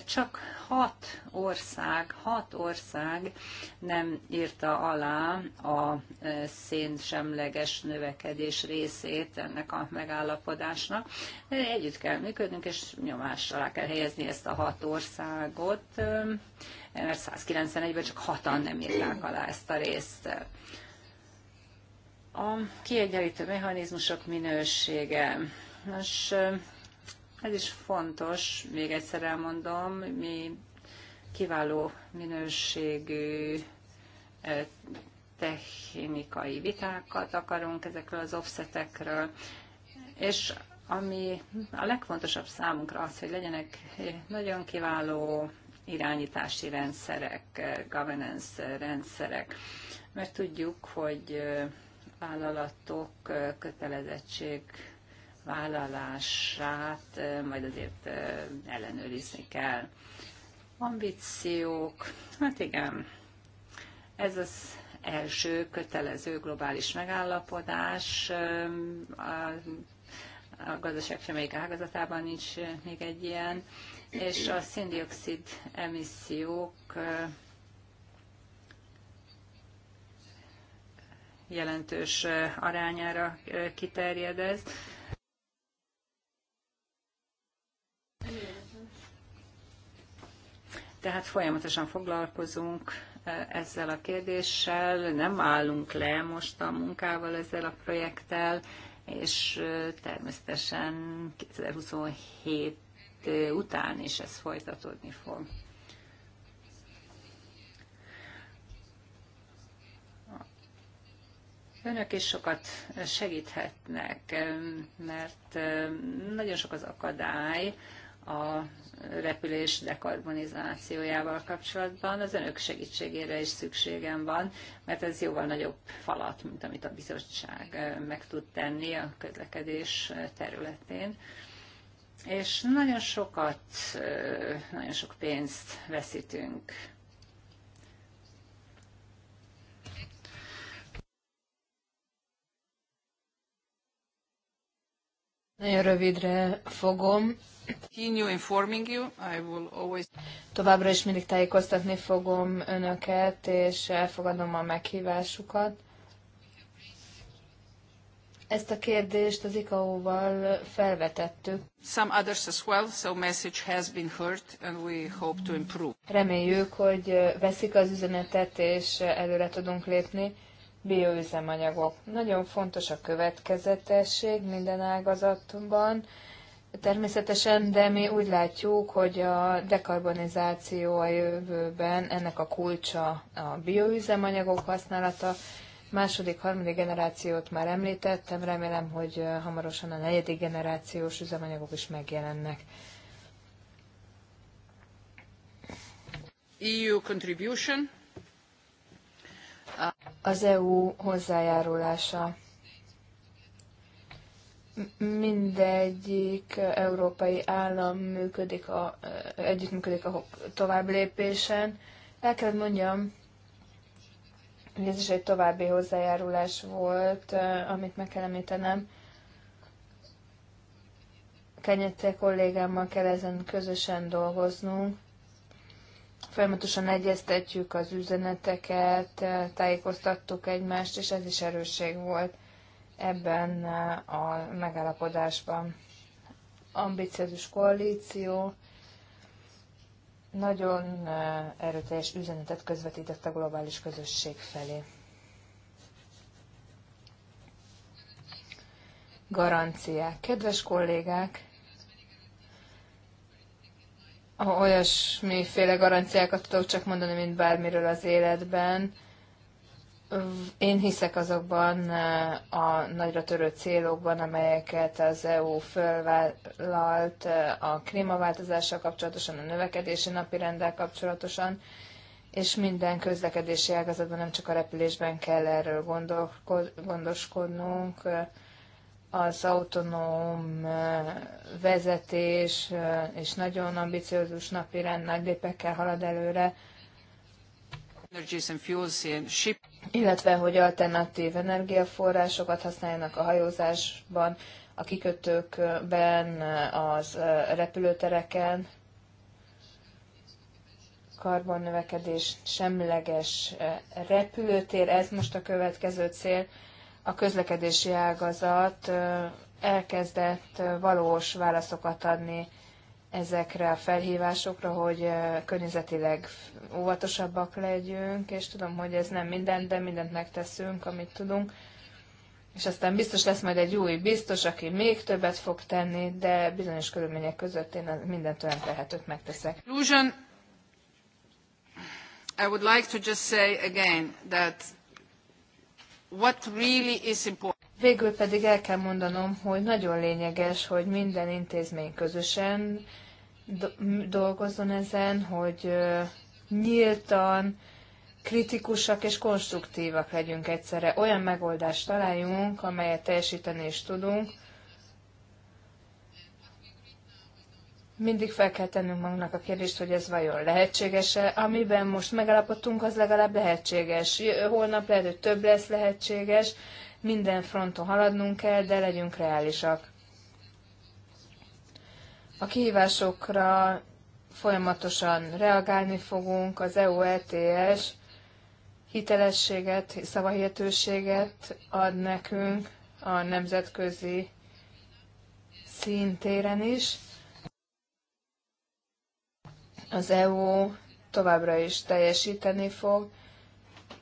Csak hat ország, hat ország nem írta alá a e, szénsemleges növekedés részét ennek a megállapodásnak. E, együtt kell működnünk, és nyomás alá kell helyezni ezt a hat országot, e, mert 191-ben csak hatan nem írták alá ezt a részt. A kiegyenlítő mechanizmusok minősége. Most ez is fontos, még egyszer elmondom, mi kiváló minőségű technikai vitákat akarunk ezekről az offsetekről, és ami a legfontosabb számunkra az, hogy legyenek nagyon kiváló irányítási rendszerek, governance rendszerek, mert tudjuk, hogy vállalatok kötelezettség vállalását majd azért ellenőrizni kell. Ambíciók, hát igen, ez az első kötelező globális megállapodás. A, a gazdaság semmelyik ágazatában nincs még egy ilyen, és a széndiokszid emissziók jelentős arányára kiterjed ez. Tehát folyamatosan foglalkozunk e, ezzel a kérdéssel, nem állunk le most a munkával ezzel a projekttel, és e, természetesen 2027 e, után is ez folytatódni fog. Önök is sokat segíthetnek, mert nagyon sok az akadály, a repülés dekarbonizációjával kapcsolatban. Az önök segítségére is szükségem van, mert ez jóval nagyobb falat, mint amit a bizottság meg tud tenni a közlekedés területén. És nagyon sokat, nagyon sok pénzt veszítünk Nagyon rövidre fogom. Continue informing you. I will always... Továbbra is mindig tájékoztatni fogom önöket, és elfogadom a meghívásukat. Ezt a kérdést az ICAO-val felvetettük. Some others as well, so message has been heard and we hope to improve. Reméljük, hogy veszik az üzenetet, és előre tudunk lépni bioüzemanyagok. Nagyon fontos a következetesség minden ágazatban, természetesen, de mi úgy látjuk, hogy a dekarbonizáció a jövőben ennek a kulcsa a bioüzemanyagok használata. Második, harmadik generációt már említettem, remélem, hogy hamarosan a negyedik generációs üzemanyagok is megjelennek. EU contribution az EU hozzájárulása. Mindegyik európai állam működik a, együttműködik a tovább lépésen. El kell mondjam, hogy ez is egy további hozzájárulás volt, amit meg kell említenem. Kenyette kollégámmal kell ezen közösen dolgoznunk. Folyamatosan egyeztetjük az üzeneteket, tájékoztattuk egymást, és ez is erősség volt ebben a megállapodásban. Ambiciózus koalíció nagyon erőteljes üzenetet közvetített a globális közösség felé. Garanciák. Kedves kollégák, olyasmiféle garanciákat tudok csak mondani, mint bármiről az életben. Én hiszek azokban eh, a nagyra törő célokban, amelyeket az EU fölvállalt eh, a klímaváltozással kapcsolatosan, a növekedési napirenddel kapcsolatosan, és minden közlekedési ágazatban, nem csak a repülésben kell erről gondoskodnunk az autonóm vezetés és nagyon ambiciózus napi rend nagy lépekkel halad előre, illetve hogy alternatív energiaforrásokat használjanak a hajózásban, a kikötőkben, az repülőtereken, karbonnövekedés, semleges repülőtér, ez most a következő cél, a közlekedési ágazat elkezdett valós válaszokat adni ezekre a felhívásokra, hogy környezetileg óvatosabbak legyünk, és tudom, hogy ez nem minden, de mindent megteszünk, amit tudunk. És aztán biztos lesz majd egy új biztos, aki még többet fog tenni, de bizonyos körülmények között én mindent olyan tehetőt megteszek. Illusion. I would like to just say again that what really is important. Végül pedig el kell mondanom, hogy nagyon lényeges, hogy minden intézmény közösen dolgozzon ezen, hogy nyíltan, kritikusak és konstruktívak legyünk egyszerre. Olyan megoldást találjunk, amelyet teljesíteni is tudunk, mindig fel kell tennünk magunknak a kérdést, hogy ez vajon lehetséges-e. Amiben most megalapodtunk, az legalább lehetséges. Holnap lehet, hogy több lesz lehetséges, minden fronton haladnunk kell, de legyünk reálisak. A kihívásokra folyamatosan reagálni fogunk, az EU ETS hitelességet, szavahihetőséget ad nekünk a nemzetközi szintéren is az EU továbbra is teljesíteni fog,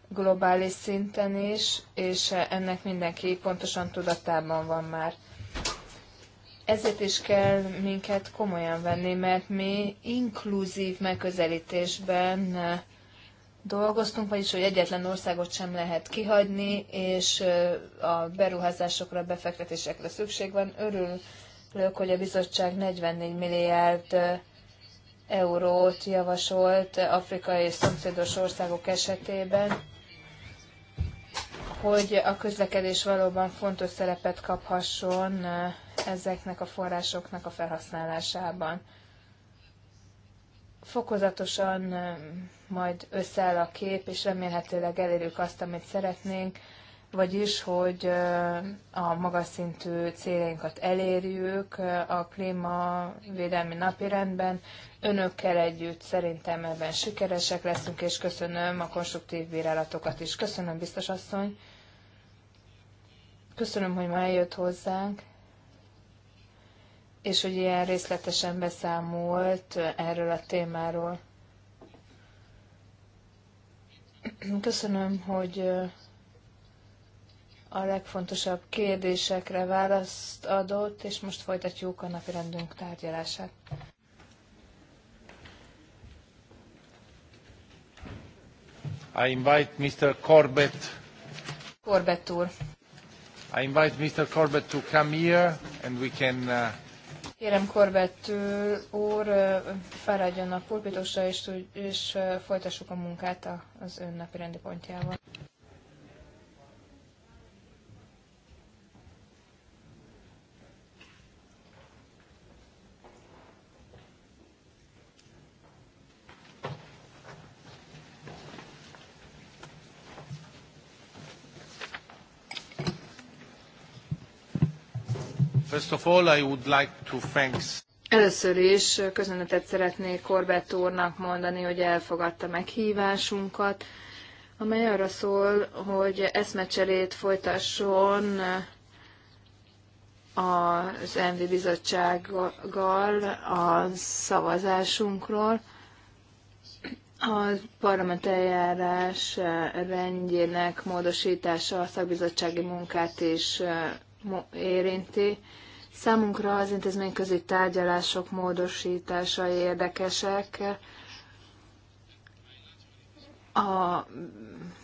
globális szinten is, és ennek mindenki pontosan tudatában van már. Ezért is kell minket komolyan venni, mert mi inkluzív megközelítésben dolgoztunk, vagyis hogy egyetlen országot sem lehet kihagyni, és a beruházásokra, befektetésekre szükség van. Örülök, hogy a bizottság 44 milliárd eurót javasolt afrikai és szomszédos országok esetében, hogy a közlekedés valóban fontos szerepet kaphasson eh, ezeknek a forrásoknak a felhasználásában. Fokozatosan eh, majd összeáll a kép, és remélhetőleg elérjük azt, amit szeretnénk vagyis, hogy a magas szintű céljainkat elérjük a klímavédelmi napirendben. Önökkel együtt szerintem ebben sikeresek leszünk, és köszönöm a konstruktív bírálatokat is. Köszönöm, biztos asszony. Köszönöm, hogy ma eljött hozzánk, és hogy ilyen részletesen beszámolt erről a témáról. Köszönöm, hogy a legfontosabb kérdésekre választ adott, és most folytatjuk a napirendünk tárgyalását. I invite Mr. Corbett. Corbett úr. I invite Mr. Corbett to come here, and we can uh, Kérem Corbett úr, felálljon a pulpitusra, és, és folytassuk a munkát az ön napi rendi pontjával. First of all, I would like to thanks. Először is köszönetet szeretnék Corbett úrnak mondani, hogy elfogadta meghívásunkat, amely arra szól, hogy eszmecserét folytasson az ENVI bizottsággal a szavazásunkról. A parlament eljárás rendjének módosítása a szakbizottsági munkát is érinti. Számunkra az közé tárgyalások módosítása érdekesek. A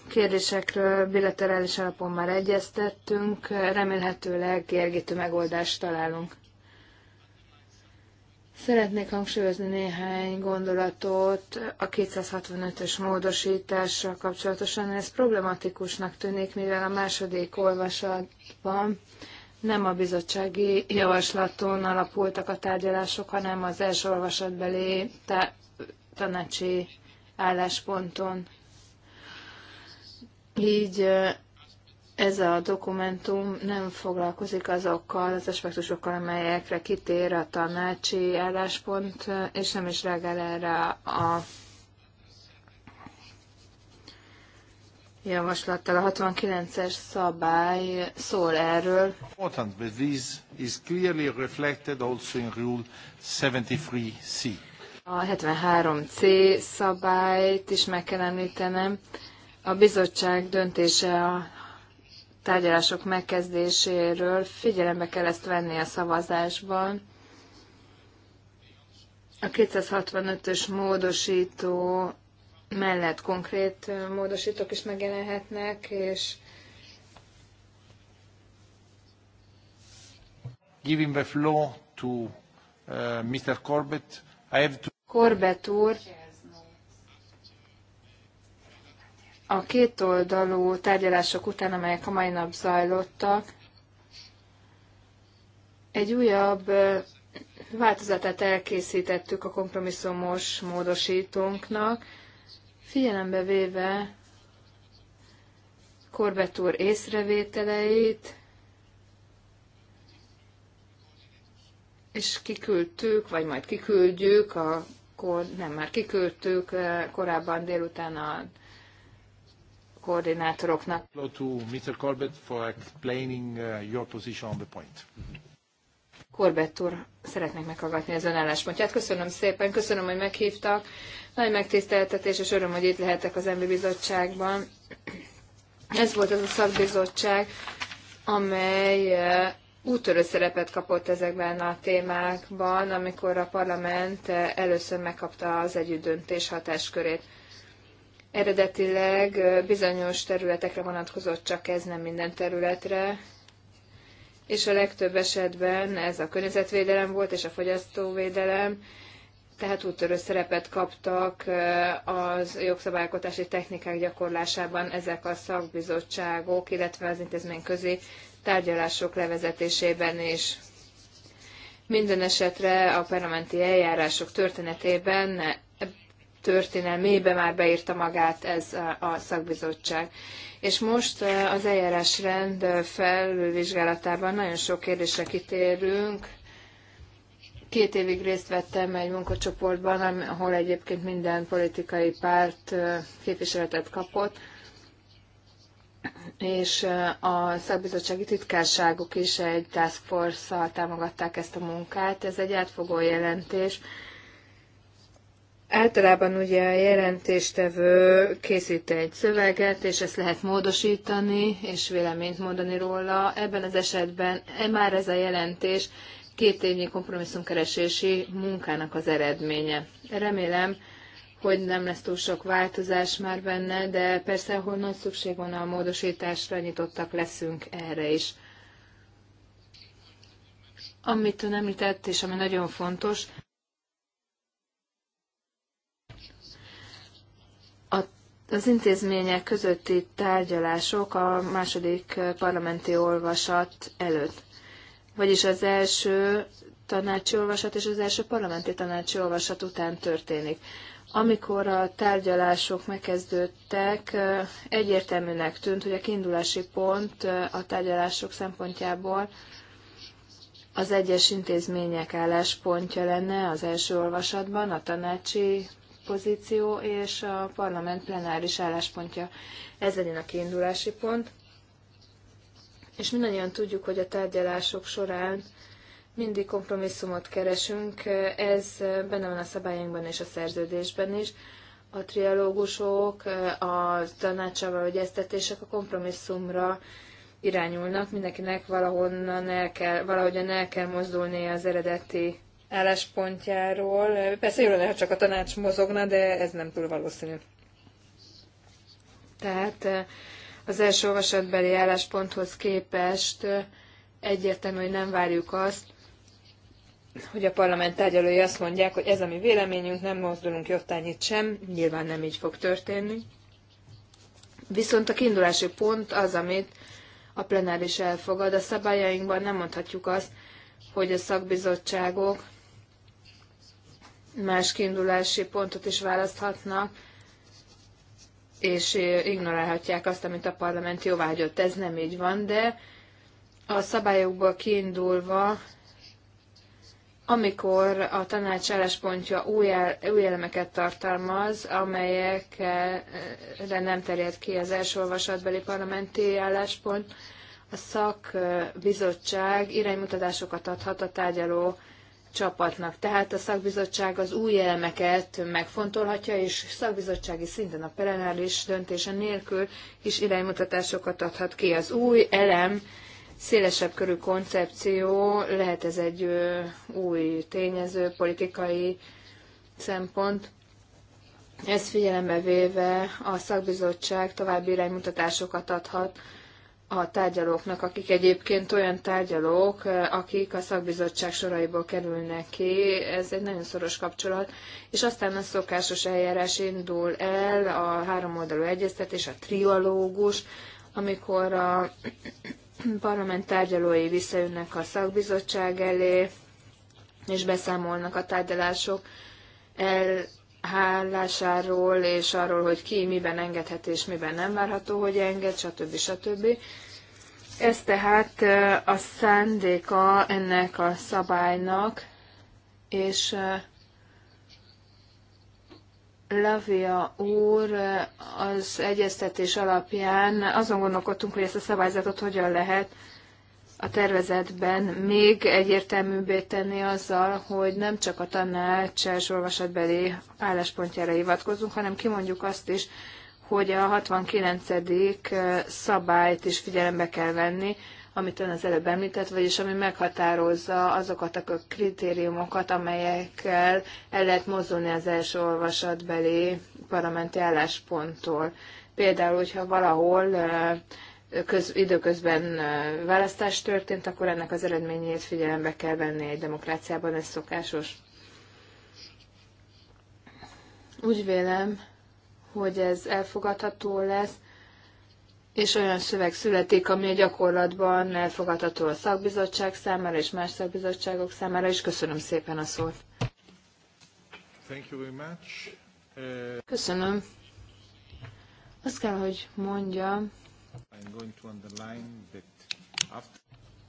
kérdésekről bilaterális alapon már egyeztettünk, remélhetőleg kiegítő megoldást találunk. Szeretnék hangsúlyozni néhány gondolatot a 265-ös módosítással kapcsolatosan. Ez problematikusnak tűnik, mivel a második olvasatban nem a bizottsági javaslaton alapultak a tárgyalások, hanem az első olvasatbeli tá- tanácsi állásponton. Így ez a dokumentum nem foglalkozik azokkal az aspektusokkal, amelyekre kitér a tanácsi álláspont, és nem is reagál erre a javaslattal. A 69-es szabály szól erről. Important, but this is clearly reflected also in Rule 73C. A 73C szabályt is meg kell említenem. A bizottság döntése a tárgyalások megkezdéséről figyelembe kell ezt venni a szavazásban. A 265-ös módosító mellett konkrét módosítók is megjelenhetnek, és Giving the floor to uh, Mr. Corbett, I have to... Corbett úr, A kétoldalú tárgyalások után, amelyek a mai nap zajlottak, egy újabb változatát elkészítettük a kompromisszumos módosítónknak, figyelembe véve Korbetúr észrevételeit, és kiküldtük, vagy majd kiküldjük, a, nem már kiküldtük korábban délután a koordinátoroknak. Uh, Corbett úr, szeretnék meghallgatni az ön álláspontját. Köszönöm szépen, köszönöm, hogy meghívtak. Nagy megtiszteltetés és öröm, hogy itt lehetek az MB bizottságban. Ez volt az a szakbizottság, amely uh, úttörő szerepet kapott ezekben a témákban, amikor a parlament uh, először megkapta az együttdöntés hatáskörét. Eredetileg bizonyos területekre vonatkozott, csak ez nem minden területre, és a legtöbb esetben ez a környezetvédelem volt, és a fogyasztóvédelem, tehát úttörő szerepet kaptak az jogszabályalkotási technikák gyakorlásában ezek a szakbizottságok, illetve az intézményközi tárgyalások levezetésében is. Minden esetre a parlamenti eljárások történetében történelmébe már beírta magát ez a szakbizottság. És most az eljárásrend felülvizsgálatában nagyon sok kérdésre kitérünk. Két évig részt vettem egy munkacsoportban, ahol egyébként minden politikai párt képviseletet kapott, és a szakbizottsági titkárságok is egy task force-szal támogatták ezt a munkát. Ez egy átfogó jelentés, Általában ugye a jelentéstevő készít egy szöveget, és ezt lehet módosítani, és véleményt mondani róla. Ebben az esetben e már ez a jelentés két évnyi kompromisszumkeresési munkának az eredménye. Remélem, hogy nem lesz túl sok változás már benne, de persze, ahol nagy szükség van a módosításra, nyitottak leszünk erre is. Amit ön említett, és ami nagyon fontos, az intézmények közötti tárgyalások a második parlamenti olvasat előtt. Vagyis az első tanácsi olvasat és az első parlamenti tanácsi olvasat után történik. Amikor a tárgyalások megkezdődtek, egyértelműnek tűnt, hogy a kiindulási pont a tárgyalások szempontjából az egyes intézmények álláspontja lenne az első olvasatban, a tanácsi pozíció és a parlament plenáris álláspontja. Ez legyen a kiindulási pont. És mindannyian tudjuk, hogy a tárgyalások során mindig kompromisszumot keresünk, ez benne van a szabályunkban és a szerződésben is. A trialógusok, a tanácsával egyeztetések a kompromisszumra irányulnak, mindenkinek valahonnan el kell, valahogyan el kell mozdulni az eredeti álláspontjáról. Persze jól lehet, csak a tanács mozogna, de ez nem túl valószínű. Tehát eh, az első olvasatbeli állásponthoz képest eh, egyértelmű, hogy nem várjuk azt, hogy a parlament tárgyalói azt mondják, hogy ez a mi véleményünk, nem mozdulunk jottányit sem, nyilván nem így fog történni. Viszont a kiindulási pont az, amit a plenáris elfogad. A szabályainkban nem mondhatjuk azt, hogy a szakbizottságok más kiindulási pontot is választhatnak, és ignorálhatják azt, amit a parlament jóvágyott. Ez nem így van, de a szabályokból kiindulva, amikor a tanács álláspontja új, el, új elemeket tartalmaz, amelyekre nem terjed ki az első olvasatbeli parlamenti álláspont, a szakbizottság iránymutatásokat adhat a tárgyaló csapatnak. Tehát a szakbizottság az új elemeket megfontolhatja, és szakbizottsági szinten a plenáris döntése nélkül is iránymutatásokat adhat ki. Az új elem szélesebb körű koncepció, lehet ez egy új tényező, politikai szempont. Ez figyelembe véve a szakbizottság további iránymutatásokat adhat a tárgyalóknak, akik egyébként olyan tárgyalók, eh, akik a szakbizottság soraiból kerülnek ki, ez egy nagyon szoros kapcsolat, és aztán a szokásos eljárás indul el, a háromoldalú egyeztetés, a triológus, amikor a parlament tárgyalói visszajönnek a szakbizottság elé, és beszámolnak a tárgyalások el hálásáról, és arról, hogy ki miben engedhet és miben nem várható, hogy enged, stb. stb. Ez tehát a szándéka ennek a szabálynak, és Lavia úr az egyeztetés alapján azon gondolkodtunk, hogy ezt a szabályzatot hogyan lehet a tervezetben még egyértelműbbé tenni azzal, hogy nem csak a tanács első olvasatbeli álláspontjára hivatkozunk, hanem kimondjuk azt is, hogy a 69. szabályt is figyelembe kell venni, amit ön az előbb említett, vagyis ami meghatározza azokat a kritériumokat, amelyekkel el lehet mozdulni az első olvasatbeli parlamenti állásponttól. Például, hogyha valahol köz, időközben választás történt, akkor ennek az eredményét figyelembe kell venni egy demokráciában, ez szokásos. Úgy vélem, hogy ez elfogadható lesz, és olyan szöveg születik, ami a gyakorlatban elfogadható a szakbizottság számára és más szakbizottságok számára, és köszönöm szépen a szót. Thank you very much. Köszönöm. Azt kell, hogy mondjam,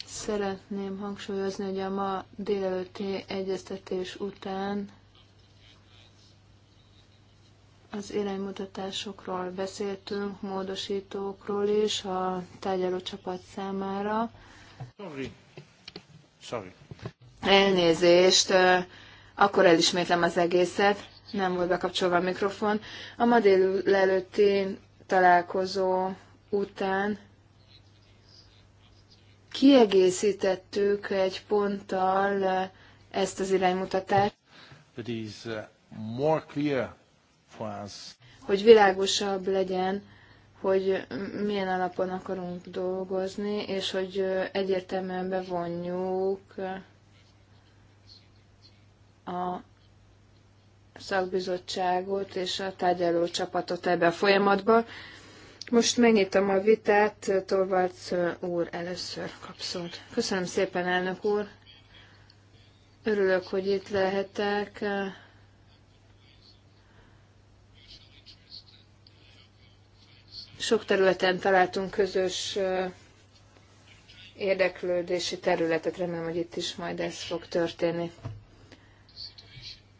Szeretném hangsúlyozni, hogy a ma délelőtti egyeztetés után az iránymutatásokról beszéltünk, módosítókról is a tárgyaló csapat számára. Sorry. Sorry. Elnézést, akkor elismétlem az egészet, nem volt bekapcsolva a mikrofon. A ma délelőtti találkozó után kiegészítettük egy ponttal ezt az iránymutatást, That is uh, more clear for us. hogy világosabb legyen, hogy milyen alapon akarunk dolgozni, és hogy egyértelműen bevonjuk a szakbizottságot és a tárgyaló csapatot ebbe a folyamatba. Most megnyitom a vitát, Torvalds úr először kapszót. Köszönöm szépen, elnök úr. Örülök, hogy itt lehetek. Sok területen találtunk közös érdeklődési területet, remélem, hogy itt is majd ez fog történni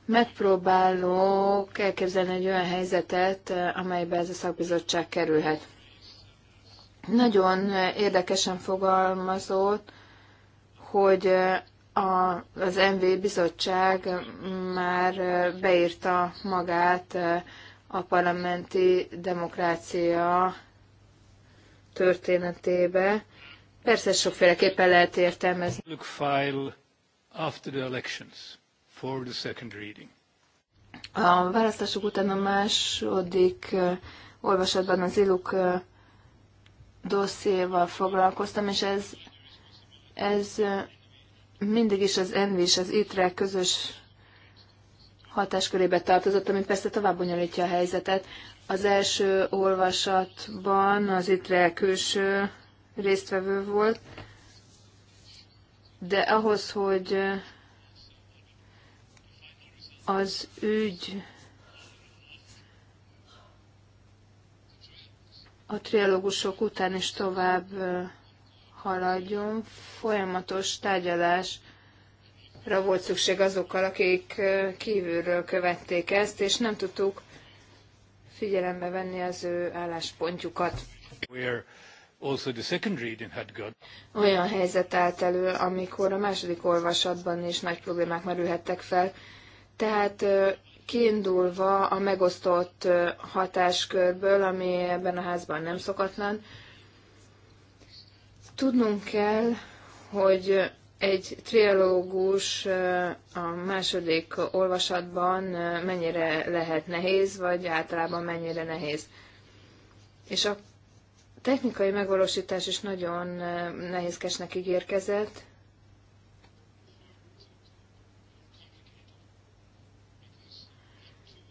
megpróbálok elképzelni egy olyan helyzetet, amelybe ez a szakbizottság kerülhet. Nagyon érdekesen fogalmazott, hogy a, az MV bizottság már beírta magát a parlamenti demokrácia történetébe. Persze sokféleképpen lehet értelmezni. After the elections for the second reading. A választások után a második olvasatban az ILUK dossziéval foglalkoztam, és ez, ez mindig is az ENVI és az ITRE közös hatáskörébe tartozott, ami persze tovább bonyolítja a helyzetet. Az első olvasatban az ITRE külső résztvevő volt, de ahhoz, hogy az ügy a trialógusok után is tovább haladjon. Folyamatos tárgyalásra volt szükség azokkal, akik kívülről követték ezt, és nem tudtuk figyelembe venni az ő álláspontjukat. Olyan helyzet állt elő, amikor a második olvasatban is nagy problémák merülhettek fel, tehát kiindulva a megosztott hatáskörből, ami ebben a házban nem szokatlan, tudnunk kell, hogy egy trialógus a második olvasatban mennyire lehet nehéz, vagy általában mennyire nehéz. És a technikai megvalósítás is nagyon nehézkesnek ígérkezett,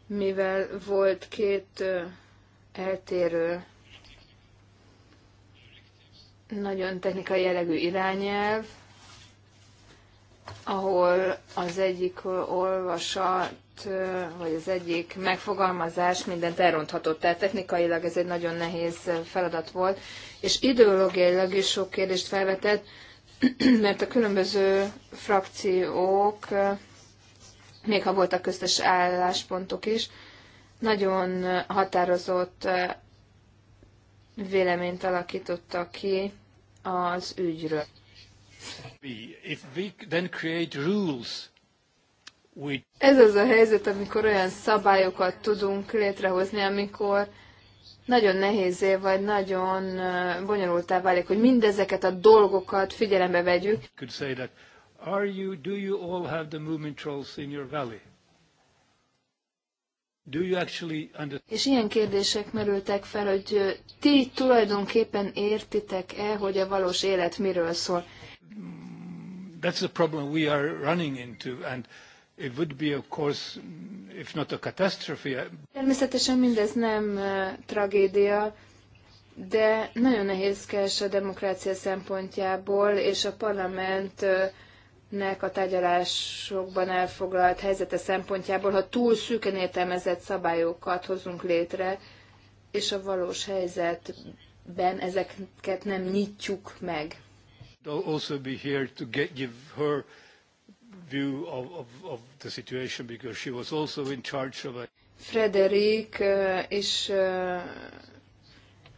mivel volt két eltérő nagyon technikai jellegű irányelv, ahol az egyik olvasat, vagy az egyik megfogalmazás mindent elronthatott. Tehát technikailag ez egy nagyon nehéz feladat volt, és ideológiailag is sok kérdést felvetett, mert a különböző frakciók még ha voltak köztes álláspontok is, nagyon határozott véleményt alakítottak ki az ügyről. Ez az a helyzet, amikor olyan szabályokat tudunk létrehozni, amikor nagyon nehézé vagy nagyon bonyolultá válik, hogy mindezeket a dolgokat figyelembe vegyük. Are you, do you all have the movement trolls in your valley? Do you actually understand? És ilyen kérdések merültek fel, hogy ti tulajdonképpen értitek-e, hogy a valós élet miről szól? Mm, that's the problem we are running into, and it would be, of course, mm, if not a catastrophe. Uh, Természetesen mindez nem tragédia, de nagyon nehézkes a demokrácia szempontjából, és a parlament nek a tárgyalásokban elfoglalt helyzete szempontjából, ha túl szűken értelmezett szabályokat hozunk létre, és a valós helyzetben ezeket nem nyitjuk meg. also be here to get, give her view of, of, of the situation because she was also in charge of a... Frederik és uh, uh,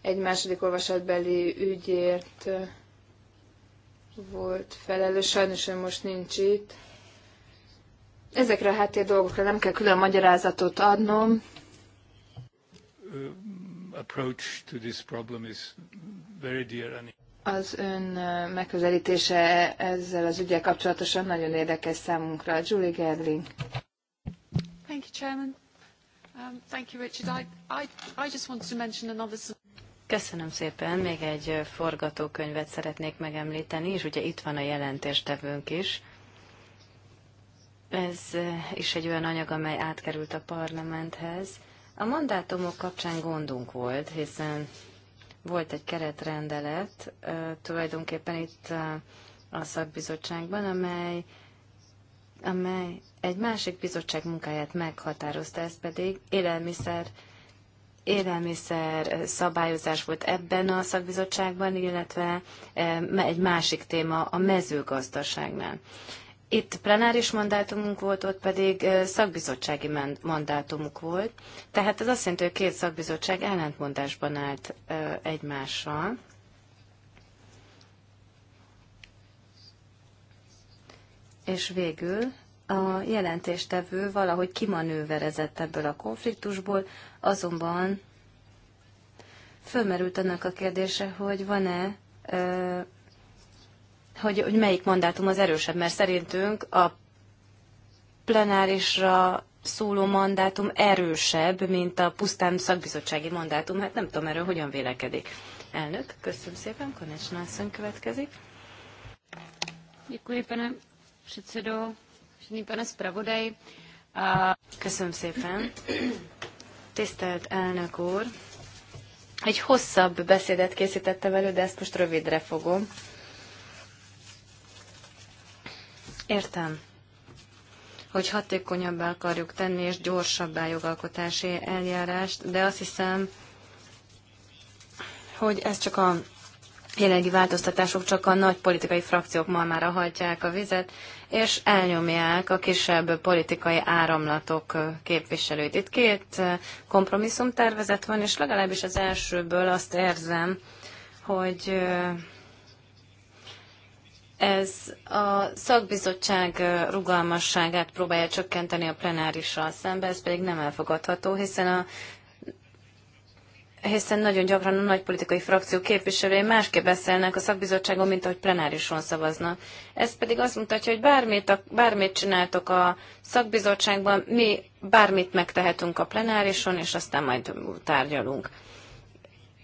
egy második olvasatbeli ügyért uh, volt felelős, sajnos ő most nincs itt. Ezekre a háttér dolgokra nem kell külön magyarázatot adnom. Uh, az ön uh, megközelítése ezzel az ügyel kapcsolatosan nagyon érdekes számunkra. Julie Gerling. Thank you, Chairman. Um, thank you, Richard. I, I, I just wanted to mention another Köszönöm szépen. Még egy forgatókönyvet szeretnék megemlíteni, és ugye itt van a jelentéstevőnk is. Ez is egy olyan anyag, amely átkerült a parlamenthez. A mandátumok kapcsán gondunk volt, hiszen volt egy keretrendelet tulajdonképpen itt a szakbizottságban, amely, amely egy másik bizottság munkáját meghatározta, ez pedig élelmiszer élelmiszer szabályozás volt ebben a szakbizottságban, illetve e, egy másik téma a mezőgazdaságnál. Itt plenáris mandátumunk volt, ott pedig e, szakbizottsági mandátumuk volt. Tehát ez azt jelenti, hogy két szakbizottság ellentmondásban állt e, egymással. És végül a jelentéstevő valahogy kimanőverezett ebből a konfliktusból, azonban fölmerült annak a kérdése, hogy van-e, hogy, hogy melyik mandátum az erősebb, mert szerintünk a plenárisra szóló mandátum erősebb, mint a pusztán szakbizottsági mandátum. Hát nem tudom erről hogyan vélekedik. Elnök, köszönöm szépen, Konecsna következik. Děkuji, pane předsedo vážený pane zpravodaj. Köszönöm szépen. Tisztelt elnök úr, egy hosszabb beszédet készítettem elő, de ezt most rövidre fogom. Értem hogy hatékonyabbá akarjuk tenni, és gyorsabbá jogalkotási eljárást, de azt hiszem, hogy ez csak a jelenlegi változtatások csak a nagy politikai frakciók malmára hajtják a vizet, és elnyomják a kisebb politikai áramlatok képviselőit. Itt két kompromisszumtervezet van, és legalábbis az elsőből azt érzem, hogy ez a szakbizottság rugalmasságát próbálja csökkenteni a plenárissal szembe, ez pedig nem elfogadható, hiszen a hiszen nagyon gyakran a nagy politikai frakció képviselői másképp beszélnek a szakbizottságon, mint ahogy plenárison szavaznak. Ez pedig azt mutatja, hogy bármit, a, bármit csináltok a szakbizottságban, mi bármit megtehetünk a plenárison, és aztán majd tárgyalunk.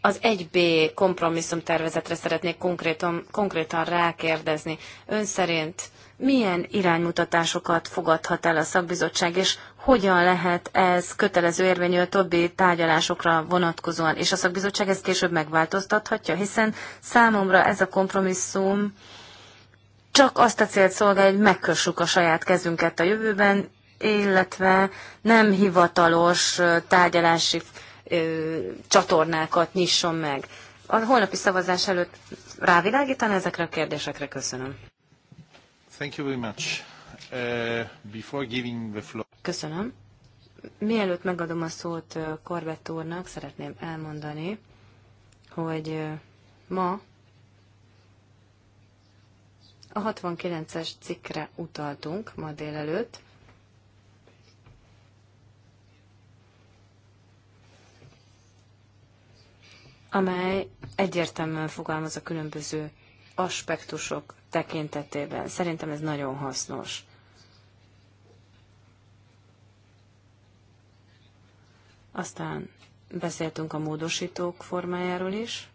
Az 1B kompromisszum tervezetre szeretnék konkrétan, konkrétan rákérdezni. Ön szerint milyen iránymutatásokat fogadhat el a szakbizottság, és hogyan lehet ez kötelező érvényű a többi tárgyalásokra vonatkozóan, és a szakbizottság ezt később megváltoztathatja, hiszen számomra ez a kompromisszum csak azt a célt szolgálja, hogy megkössük a saját kezünket a jövőben, illetve nem hivatalos tárgyalási ö, csatornákat nyisson meg. A holnapi szavazás előtt rávilágítani ezekre a kérdésekre. Köszönöm. Thank you very much. Uh, Köszönöm. Mielőtt megadom a szót uh, Corbett úrnak, szeretném elmondani, hogy uh, ma a 69-es cikkre utaltunk ma délelőtt, amely egyértelműen fogalmaz a különböző aspektusok tekintetében. Szerintem ez nagyon hasznos. Aztán beszéltünk a módosítók formájáról is,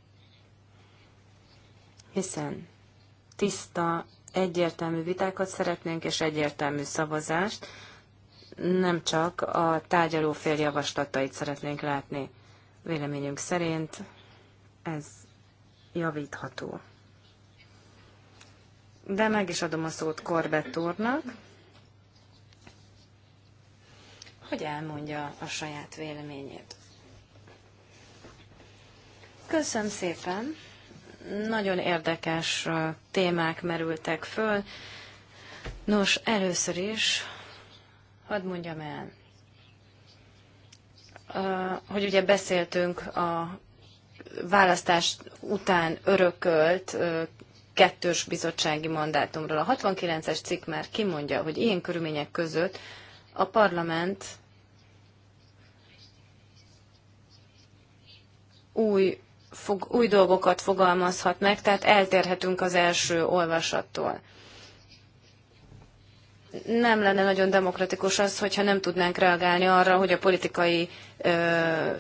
hiszen tiszta, egyértelmű vitákat szeretnénk, és egyértelmű szavazást, nem csak a tárgyaló fél javaslatait szeretnénk látni. Véleményünk szerint ez javítható. De meg is adom a szót Corbett úrnak hogy elmondja a saját véleményét. Köszönöm szépen! Nagyon érdekes uh, témák merültek föl. Nos, először is, hadd mondjam el, uh, hogy ugye beszéltünk a választás után örökölt uh, kettős bizottsági mandátumról. A 69-es cikk már kimondja, hogy ilyen körülmények között a parlament új, fog, új dolgokat fogalmazhat meg, tehát eltérhetünk az első olvasattól. Nem lenne nagyon demokratikus az, hogyha nem tudnánk reagálni arra, hogy a politikai ö,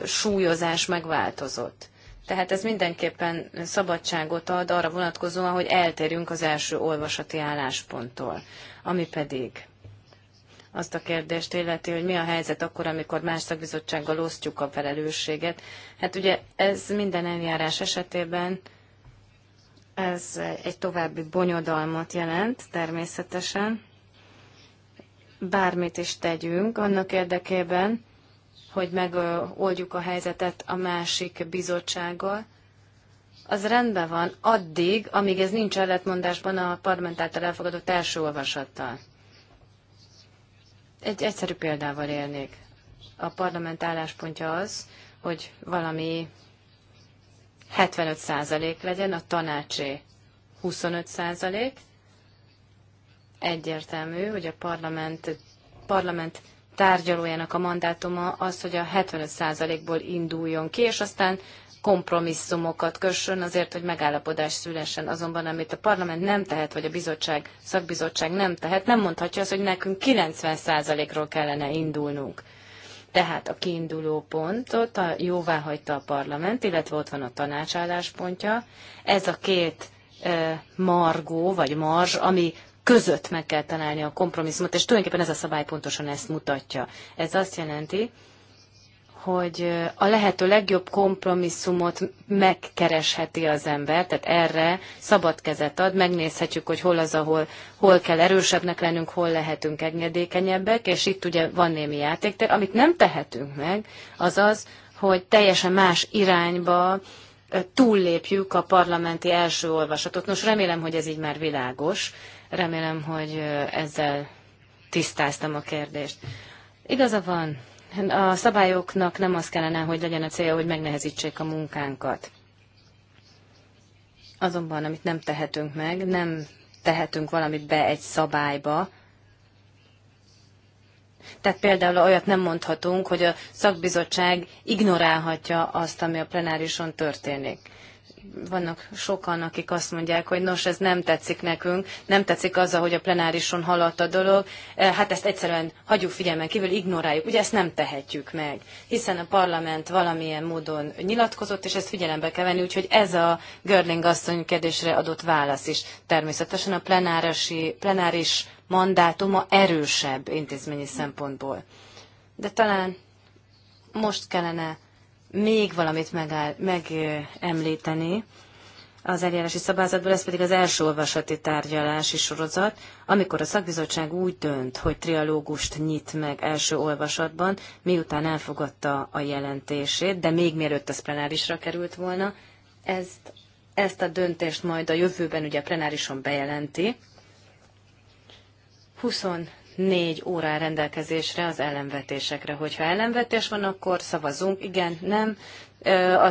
súlyozás megváltozott. Tehát ez mindenképpen szabadságot ad arra vonatkozóan, hogy eltérjünk az első olvasati állásponttól, ami pedig azt a kérdést illeti, hogy mi a helyzet akkor, amikor más szakbizottsággal osztjuk a felelősséget. Hát ugye ez minden eljárás esetében ez egy további bonyodalmat jelent természetesen. Bármit is tegyünk annak érdekében, hogy megoldjuk a helyzetet a másik bizottsággal, az rendben van addig, amíg ez nincs ellentmondásban a parlament által elfogadott első olvasattal. Egy egyszerű példával élnék. A parlament álláspontja az, hogy valami 75% legyen, a tanácsé 25%. Egyértelmű, hogy a parlament, parlament tárgyalójának a mandátuma az, hogy a 75%-ból induljon ki, és aztán kompromisszumokat kössön azért, hogy megállapodás szülessen. Azonban, amit a parlament nem tehet, vagy a bizottság, szakbizottság nem tehet, nem mondhatja azt, hogy nekünk 90%-ról kellene indulnunk. Tehát a kiinduló pontot a, jóvá hagyta a parlament, illetve ott van a tanács álláspontja. Ez a két e, margó, vagy marzs, ami között meg kell találni a kompromisszumot, és tulajdonképpen ez a szabály pontosan ezt mutatja. Ez azt jelenti, hogy a lehető legjobb kompromisszumot megkeresheti az ember, tehát erre szabad kezet ad, megnézhetjük, hogy hol az, ahol hol kell erősebbnek lennünk, hol lehetünk engedékenyebbek, és itt ugye van némi játéktér, amit nem tehetünk meg, az az, hogy teljesen más irányba túllépjük a parlamenti első olvasatot. Nos, remélem, hogy ez így már világos, remélem, hogy ezzel tisztáztam a kérdést. Igaza van, a szabályoknak nem az kellene, hogy legyen a célja, hogy megnehezítsék a munkánkat. Azonban, amit nem tehetünk meg, nem tehetünk valamit be egy szabályba, tehát például olyat nem mondhatunk, hogy a szakbizottság ignorálhatja azt, ami a plenárison történik vannak sokan, akik azt mondják, hogy nos, ez nem tetszik nekünk, nem tetszik az, hogy a plenárison haladt a dolog, e, hát ezt egyszerűen hagyjuk figyelmen kívül, ignoráljuk. Ugye ezt nem tehetjük meg, hiszen a parlament valamilyen módon nyilatkozott, és ezt figyelembe kell venni, úgyhogy ez a Görling asszony kérdésre adott válasz is. Természetesen a plenárisi, plenáris mandátuma erősebb intézményi szempontból. De talán most kellene még valamit megemlíteni megemlíteni az eljárási szabályzatból, ez pedig az első olvasati tárgyalási sorozat, amikor a szakbizottság úgy dönt, hogy trialógust nyit meg első olvasatban, miután elfogadta a jelentését, de még mielőtt az plenárisra került volna, ezt, ezt a döntést majd a jövőben ugye a plenárison bejelenti. 20 négy órán rendelkezésre az ellenvetésekre. Hogyha ellenvetés van, akkor szavazunk, igen, nem, a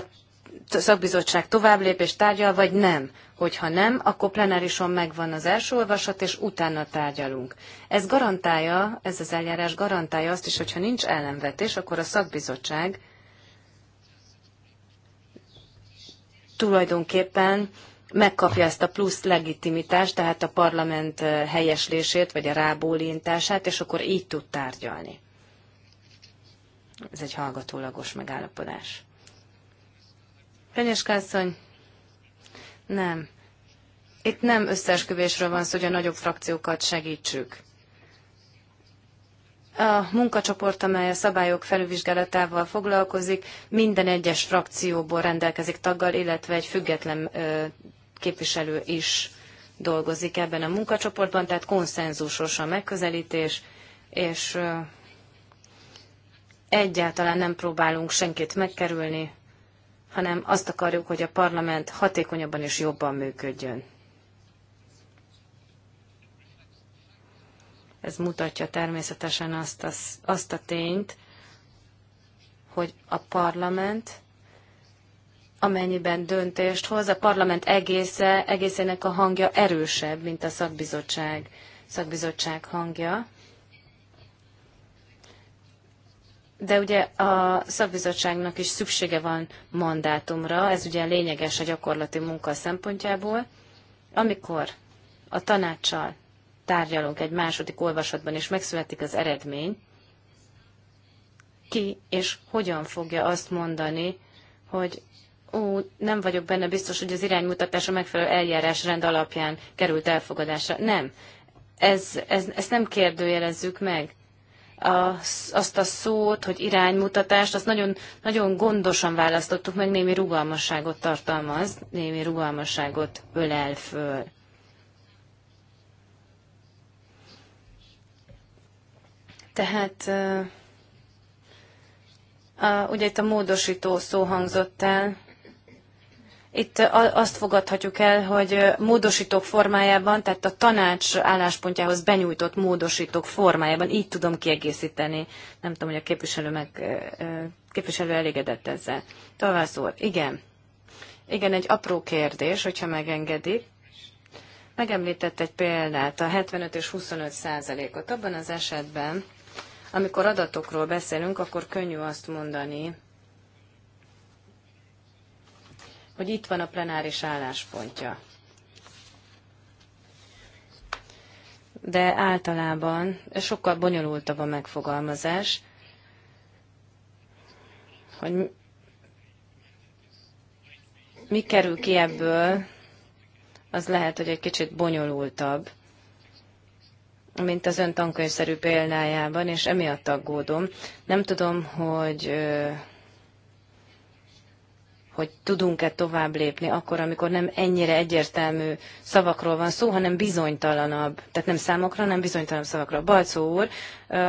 szakbizottság tovább lépés tárgyal, vagy nem. Hogyha nem, akkor plenárison megvan az első olvasat, és utána tárgyalunk. Ez garantálja, ez az eljárás garantálja azt is, hogyha nincs ellenvetés, akkor a szakbizottság tulajdonképpen megkapja ezt a plusz legitimitást, tehát a parlament helyeslését, vagy a rábólintását, és akkor így tud tárgyalni. Ez egy hallgatólagos megállapodás. Penyeskasszony? Nem. Itt nem összeesküvésről van szó, hogy a nagyobb frakciókat segítsük. A munkacsoport, amely a szabályok felülvizsgálatával foglalkozik, minden egyes frakcióból rendelkezik taggal, illetve egy független ö, képviselő is dolgozik ebben a munkacsoportban, tehát konszenzusos a megközelítés, és egyáltalán nem próbálunk senkit megkerülni, hanem azt akarjuk, hogy a parlament hatékonyabban és jobban működjön. Ez mutatja természetesen azt a, azt a tényt, hogy a parlament amennyiben döntést hoz, a parlament egésze, egészének a hangja erősebb, mint a szakbizottság, szakbizottság hangja. De ugye a szakbizottságnak is szüksége van mandátumra, ez ugye lényeges a gyakorlati munka szempontjából. Amikor a tanácssal tárgyalunk egy második olvasatban, és megszületik az eredmény, ki és hogyan fogja azt mondani, hogy Ú, nem vagyok benne biztos, hogy az iránymutatás a megfelelő eljárásrend alapján került elfogadásra. Nem. Ez, ez, ezt nem kérdőjelezzük meg. A, azt a szót, hogy iránymutatást, azt nagyon, nagyon gondosan választottuk meg, némi rugalmasságot tartalmaz, némi rugalmasságot ölel föl. Tehát a, ugye itt a módosító szó hangzott el, itt azt fogadhatjuk el, hogy módosítók formájában, tehát a tanács álláspontjához benyújtott módosítók formájában, így tudom kiegészíteni. Nem tudom, hogy a képviselő, meg, képviselő elégedett ezzel. Tovább úr, igen. Igen, egy apró kérdés, hogyha megengedi. Megemlített egy példát, a 75 és 25 százalékot. Abban az esetben, amikor adatokról beszélünk, akkor könnyű azt mondani, hogy itt van a plenáris álláspontja. De általában sokkal bonyolultabb a megfogalmazás, hogy mi kerül ki ebből, az lehet, hogy egy kicsit bonyolultabb, mint az ön tankönyvszerű példájában, és emiatt aggódom. Nem tudom, hogy hogy tudunk-e tovább lépni akkor, amikor nem ennyire egyértelmű szavakról van szó, hanem bizonytalanabb, tehát nem számokra, hanem bizonytalanabb szavakra. Balcó úr,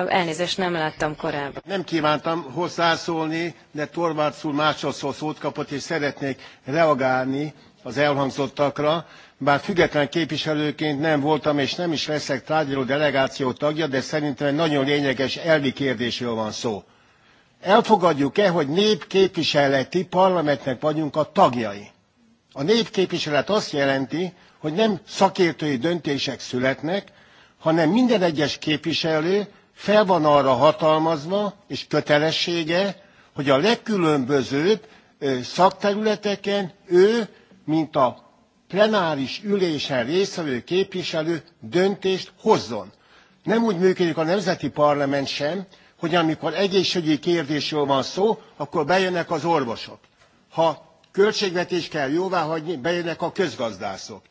elnézést nem láttam korábban. Nem kívántam hozzászólni, de Torvalds úr másodszor szót kapott, és szeretnék reagálni az elhangzottakra. Bár független képviselőként nem voltam és nem is leszek tárgyaló delegáció tagja, de szerintem egy nagyon lényeges elvi kérdésről van szó Elfogadjuk-e, hogy népképviseleti parlamentnek vagyunk a tagjai? A népképviselet azt jelenti, hogy nem szakértői döntések születnek, hanem minden egyes képviselő fel van arra hatalmazva, és kötelessége, hogy a legkülönbözőbb szakterületeken ő, mint a plenáris ülésen résztvevő képviselő döntést hozzon. Nem úgy működik a nemzeti parlament sem, hogy amikor egészségügyi kérdésről van szó, akkor bejönnek az orvosok. Ha költségvetés kell jóváhagyni, bejönnek a közgazdászok.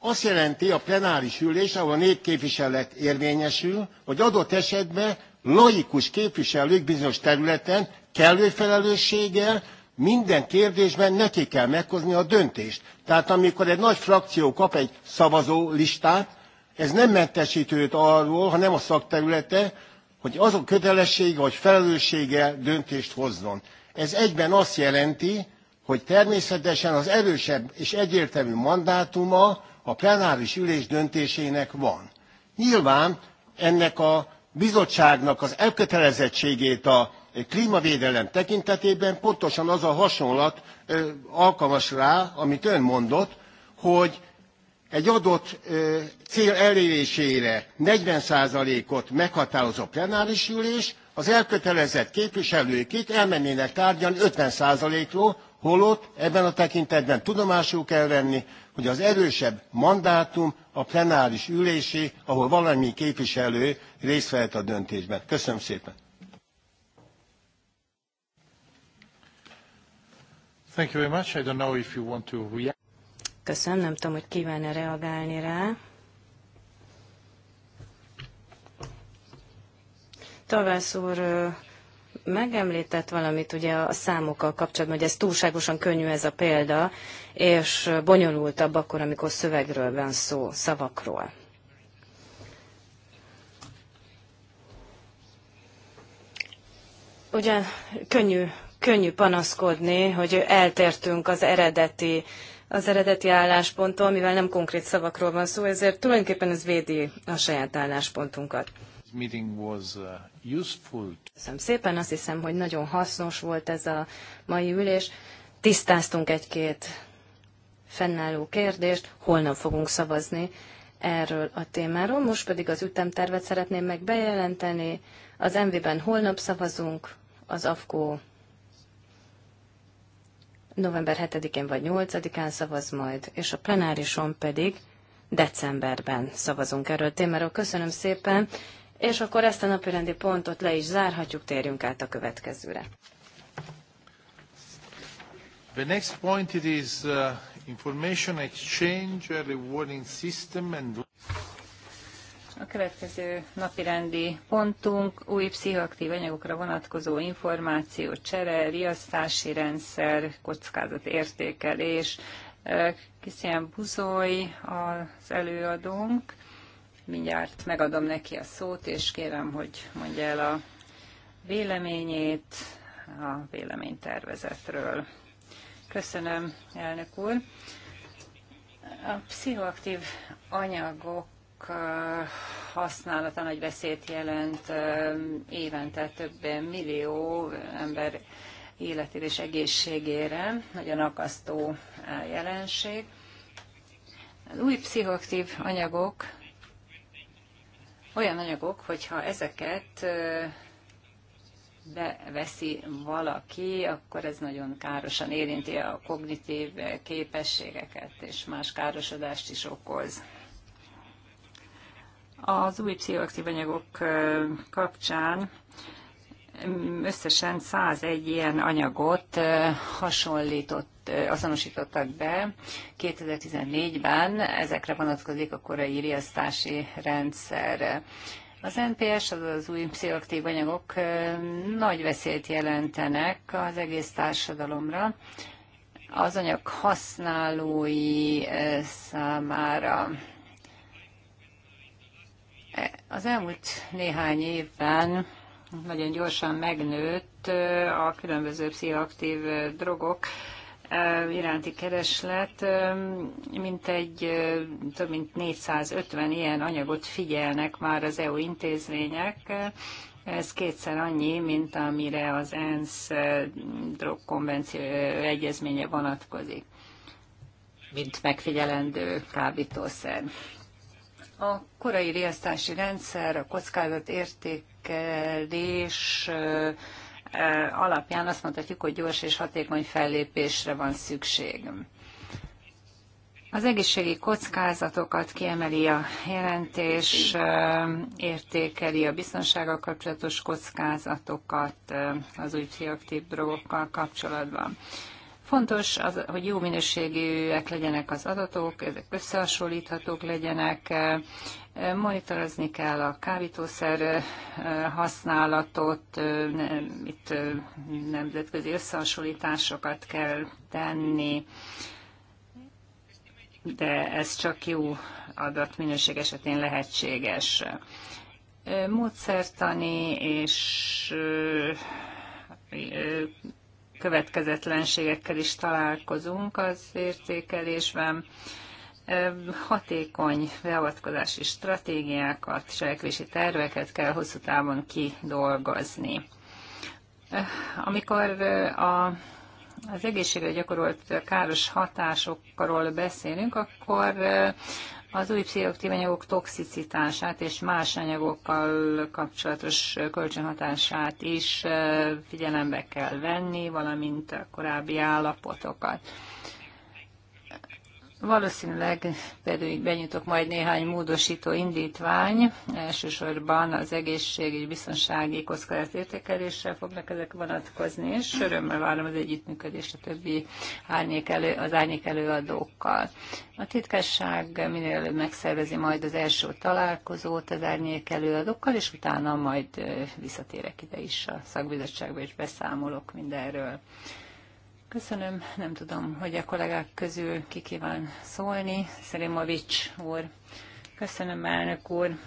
Azt jelenti a plenáris ülés, ahol a népképviselet érvényesül, hogy adott esetben laikus képviselők bizonyos területen kellő felelősséggel minden kérdésben neki kell meghozni a döntést. Tehát amikor egy nagy frakció kap egy szavazó listát, ez nem mentesítőt arról, hanem a szakterülete, hogy az a kötelessége vagy felelőssége döntést hozzon. Ez egyben azt jelenti, hogy természetesen az erősebb és egyértelmű mandátuma a plenáris ülés döntésének van. Nyilván ennek a bizottságnak az elkötelezettségét a klímavédelem tekintetében pontosan az a hasonlat alkalmas rá, amit ön mondott, hogy egy adott ö, cél elérésére 40%-ot meghatározó plenáris ülés, az elkötelezett képviselők itt elmennének tárgyalni 50%-ról, holott ebben a tekintetben tudomásul kell venni, hogy az erősebb mandátum a plenáris ülésé, ahol valami képviselő részt vehet a döntésben. Köszönöm szépen! Thank you very much. I don't know if you want to react. Köszönöm, nem tudom, hogy kíván-e reagálni rá. Tavász úr megemlített valamit ugye a számokkal kapcsolatban, hogy ez túlságosan könnyű ez a példa, és bonyolultabb akkor, amikor szövegről van szó, szavakról. Ugyan könnyű, könnyű panaszkodni, hogy eltértünk az eredeti az eredeti állásponttól, mivel nem konkrét szavakról van szó, ezért tulajdonképpen ez védi a saját álláspontunkat. Uh, Köszönöm szépen, azt hiszem, hogy nagyon hasznos volt ez a mai ülés. Tisztáztunk egy-két fennálló kérdést, holnap fogunk szavazni erről a témáról. Most pedig az ütemtervet szeretném meg bejelenteni. Az MV-ben holnap szavazunk, az AFKO november 7-én vagy 8-án szavaz majd, és a plenárison pedig decemberben szavazunk erről témáról. Köszönöm szépen, és akkor ezt a napirendi pontot le is zárhatjuk, térjünk át a következőre. The next point it is uh, information exchange rewarding system and a következő napirendi pontunk új pszichoaktív anyagokra vonatkozó információ, csere, riasztási rendszer, kockázat értékelés. Krisztián Buzoly az előadónk. Mindjárt megadom neki a szót, és kérem, hogy mondja el a véleményét a véleménytervezetről. Köszönöm, elnök úr. A pszichoaktív anyagok használata nagy veszélyt jelent, évente több millió ember életére és egészségére, nagyon akasztó jelenség. Az új pszichoaktív anyagok olyan anyagok, hogyha ezeket beveszi valaki, akkor ez nagyon károsan érinti a kognitív képességeket, és más károsodást is okoz. Az új pszichoaktív anyagok kapcsán mm, összesen 101 ilyen anyagot hasonlított, azonosítottak be. 2014-ben ezekre vonatkozik a korai riasztási rendszer. Az NPS, az az új pszichoaktív anyagok nagy veszélyt jelentenek az egész társadalomra, az anyag használói számára az elmúlt néhány évben nagyon gyorsan megnőtt a különböző pszichoaktív drogok iránti kereslet, mint egy több mint 450 ilyen anyagot figyelnek már az EU intézmények, ez kétszer annyi, mint amire az ENSZ drogkonvenció egyezménye vonatkozik, mint megfigyelendő kábítószer. A korai riasztási rendszer, a kockázat értékelés alapján azt mondhatjuk, hogy gyors és hatékony fellépésre van szükség. Az egészségi kockázatokat kiemeli a jelentés, értékeli a biztonsággal kapcsolatos kockázatokat az új pszichoaktív drogokkal kapcsolatban. Fontos, az, hogy jó minőségűek legyenek az adatok, ezek összehasonlíthatók legyenek, monitorozni kell a kábítószer eh, használatot, eh, itt eh, nemzetközi összehasonlításokat kell tenni, de ez csak jó adatminőség esetén lehetséges. Módszertani és következetlenségekkel is találkozunk az értékelésben. Hatékony beavatkozási stratégiákat, cselekvési terveket kell hosszú távon kidolgozni. Amikor a az egészségre gyakorolt káros hatásokról beszélünk, akkor az új pszichoaktív anyagok toxicitását és más anyagokkal kapcsolatos kölcsönhatását is figyelembe kell venni, valamint a korábbi állapotokat. Valószínűleg pedig benyújtok majd néhány módosító indítvány, elsősorban az egészség és biztonsági értékeléssel fognak ezek vonatkozni, és örömmel várom az együttműködést a többi árnyék elő, az árnyék előadókkal. A titkesság minél előbb megszervezi majd az első találkozót az árnyék előadókkal, és utána majd visszatérek ide is a szakbizottságba, és beszámolok mindenről. Köszönöm. Nem tudom, hogy a kollégák közül ki kíván szólni. Szerimovics úr. Köszönöm, elnök úr.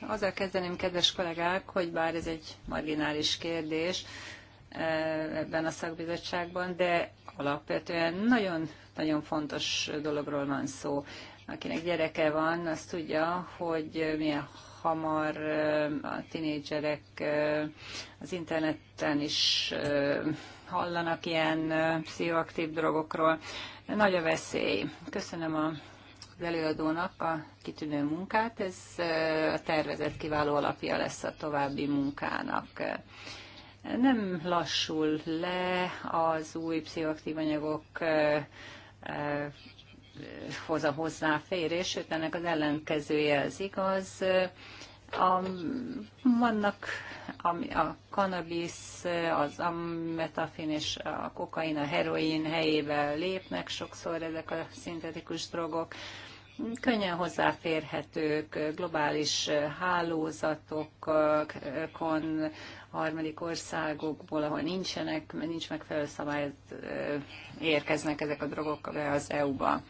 Azzal kezdeném, kedves kollégák, hogy bár ez egy marginális kérdés eh, ebben a szakbizottságban, de alapvetően nagyon-nagyon fontos dologról van szó. Akinek gyereke van, az tudja, hogy milyen hamar, a tinédzserek az interneten is hallanak ilyen pszichoaktív drogokról. Nagy a veszély. Köszönöm a az előadónak a kitűnő munkát. Ez a tervezet kiváló alapja lesz a további munkának. Nem lassul le az új pszichoaktív anyagok hoz a hozzáférés, sőt ennek az ellenkezője az igaz. A, vannak a, a cannabis, az metafin és a kokain, a heroin helyébe lépnek sokszor ezek a szintetikus drogok. Könnyen hozzáférhetők globális hálózatokon, harmadik országokból, ahol nincsenek, nincs megfelelő szabályt, érkeznek ezek a drogok az EU-ba.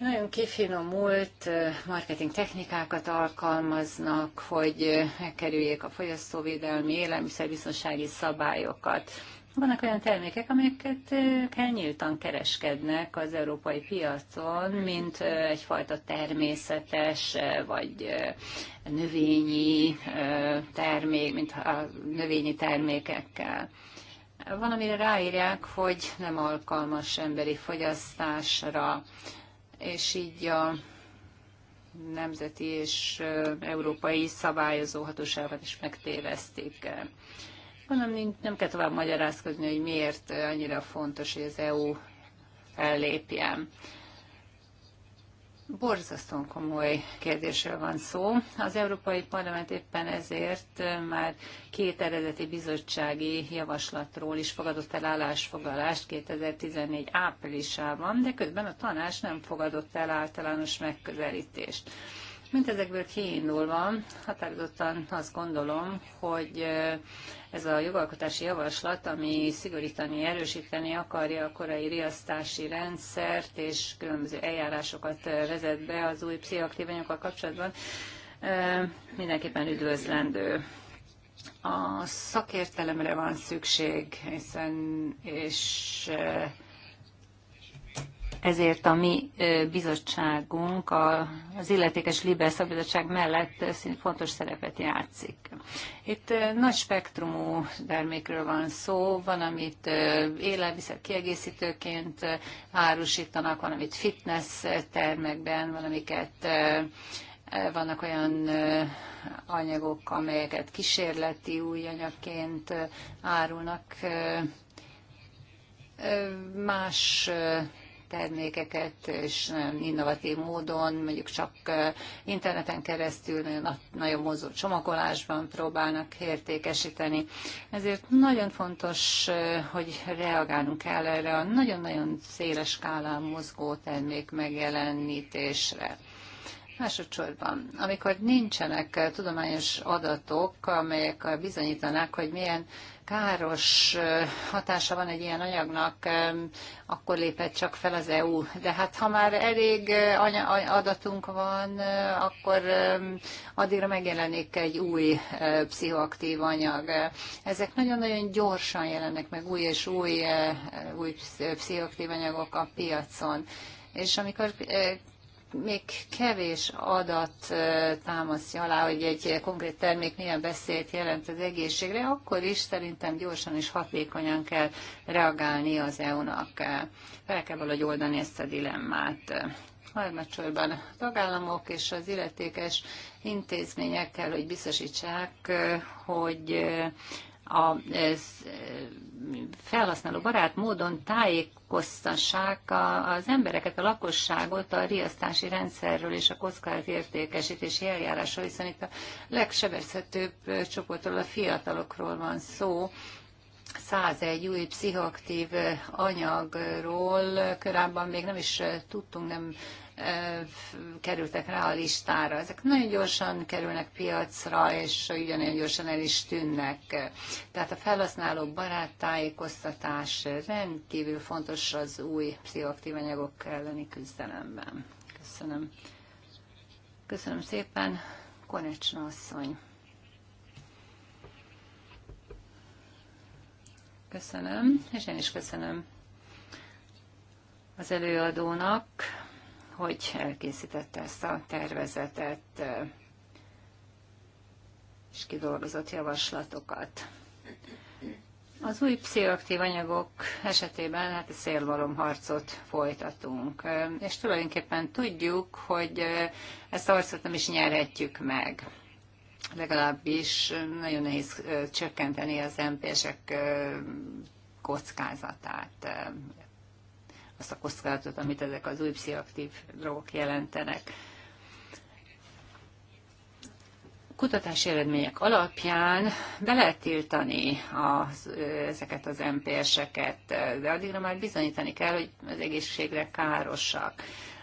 Nagyon kifinomult marketing technikákat alkalmaznak, hogy megkerüljék a fogyasztóvédelmi élelmiszerbiztonsági szabályokat. Vannak olyan termékek, kell nyíltan kereskednek az európai piacon, mint egyfajta természetes vagy növényi termék, mint a növényi termékekkel. Valamire ráírják, hogy nem alkalmas emberi fogyasztásra és így a nemzeti és európai szabályozó hatóságokat is megtévesztik. Mondom, nem kell tovább magyarázkodni, hogy miért annyira fontos, hogy az EU fellépjen borzasztóan komoly kérdésről van szó. Az Európai Parlament éppen ezért már két eredeti bizottsági javaslatról is fogadott el állásfoglalást 2014 áprilisában, de közben a tanács nem fogadott el általános megközelítést. Mindezekből kiindulva határozottan azt gondolom, hogy ez a jogalkotási javaslat, ami szigorítani, erősíteni akarja a korai riasztási rendszert és különböző eljárásokat vezet be az új pszichoaktív anyagokkal kapcsolatban, mindenképpen üdvözlendő. A szakértelemre van szükség, hiszen és ezért a mi bizottságunk az illetékes liberális szabadság mellett fontos szerepet játszik. Itt nagy spektrumú termékről van szó, van, amit élelmiszer kiegészítőként árusítanak, van, amit fitness termekben, van, amiket vannak olyan anyagok, amelyeket kísérleti új anyagként árulnak, más termékeket, és nagyon innovatív módon, mondjuk csak interneten keresztül, nagyon, nagyon mozó csomagolásban próbálnak értékesíteni. Ezért nagyon fontos, hogy reagálnunk kell erre a nagyon-nagyon széles skálán mozgó termék megjelenítésre. Másodszorban, amikor nincsenek tudományos adatok, amelyek bizonyítanák, hogy milyen káros hatása van egy ilyen anyagnak, akkor lépett csak fel az EU. De hát ha már elég adatunk van, akkor addigra megjelenik egy új pszichoaktív anyag. Ezek nagyon-nagyon gyorsan jelennek meg új és új, új pszichoaktív anyagok a piacon. És amikor még kevés adat támasztja alá, hogy egy konkrét termék milyen beszélt jelent az egészségre, akkor is szerintem gyorsan és hatékonyan kell reagálni az EU-nak. Fel kell valahogy oldani ezt a dilemmát. Harmadsorban a tagállamok és az illetékes intézmények kell, hogy biztosítsák, hogy a felhasználó barát módon tájékoztassák az embereket, a lakosságot a riasztási rendszerről és a kockázati értékesítési eljárásról, hiszen itt a legsebezhetőbb csoportról, a fiatalokról van szó, 101 új pszichoaktív anyagról korábban még nem is tudtunk, nem kerültek rá a listára. Ezek nagyon gyorsan kerülnek piacra, és ugyanolyan gyorsan el is tűnnek. Tehát a felhasználó barát tájékoztatás rendkívül fontos az új pszichoaktív anyagok elleni küzdelemben. Köszönöm. Köszönöm szépen. Konecsna asszony. Köszönöm, és én is köszönöm az előadónak hogy elkészítette ezt a tervezetet, és kidolgozott javaslatokat. Az új pszichoaktív anyagok esetében hát a szélvalom harcot folytatunk, és tulajdonképpen tudjuk, hogy ezt a harcot nem is nyerhetjük meg. Legalábbis nagyon nehéz csökkenteni az MPS-ek kockázatát, azt a kockázatot, amit ezek az új pszichoaktív drogok jelentenek. Kutatási eredmények alapján be lehet tiltani az, ezeket az MPS-eket, de addigra már bizonyítani kell, hogy az egészségre károsak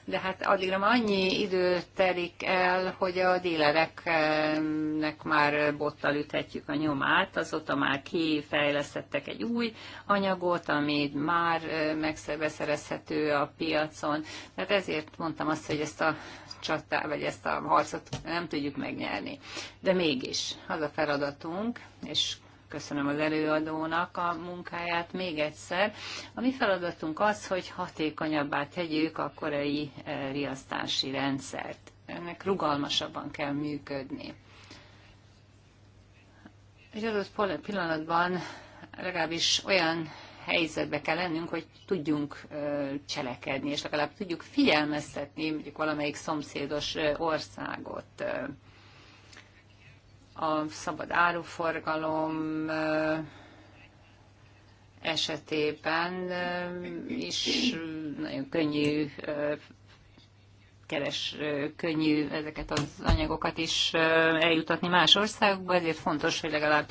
de hát addigra már annyi idő telik el, hogy a dílereknek már bottal üthetjük a nyomát, azóta már kifejlesztettek egy új anyagot, ami már megszerezhető a piacon. Tehát ezért mondtam azt, hogy ezt a csatá, vagy ezt a harcot nem tudjuk megnyerni. De mégis, az a feladatunk, és Köszönöm az előadónak a munkáját még egyszer. A mi feladatunk az, hogy hatékonyabbá tegyük a korai eh, riasztási rendszert. Ennek rugalmasabban kell működni. Egy adott pillanatban legalábbis olyan helyzetbe kell lennünk, hogy tudjunk eh, cselekedni, és legalább tudjuk figyelmeztetni mondjuk valamelyik szomszédos eh, országot a szabad áruforgalom esetében is nagyon könnyű keres, könnyű ezeket az anyagokat is eljutatni más országokba, ezért fontos, hogy legalább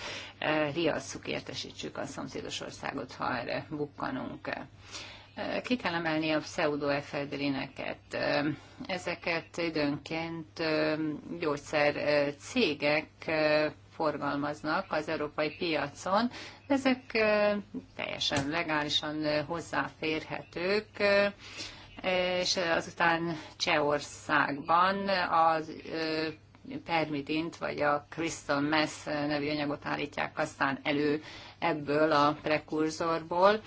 riasszuk, értesítsük a szomszédos országot, ha erre bukkanunk. Ki kell emelni a pseudoefedrineket? Ezeket időnként gyógyszer cégek forgalmaznak az európai piacon. Ezek teljesen legálisan hozzáférhetők, és azután Csehországban az permidint vagy a crystal mess nevű anyagot állítják aztán elő ebből a prekurzorból.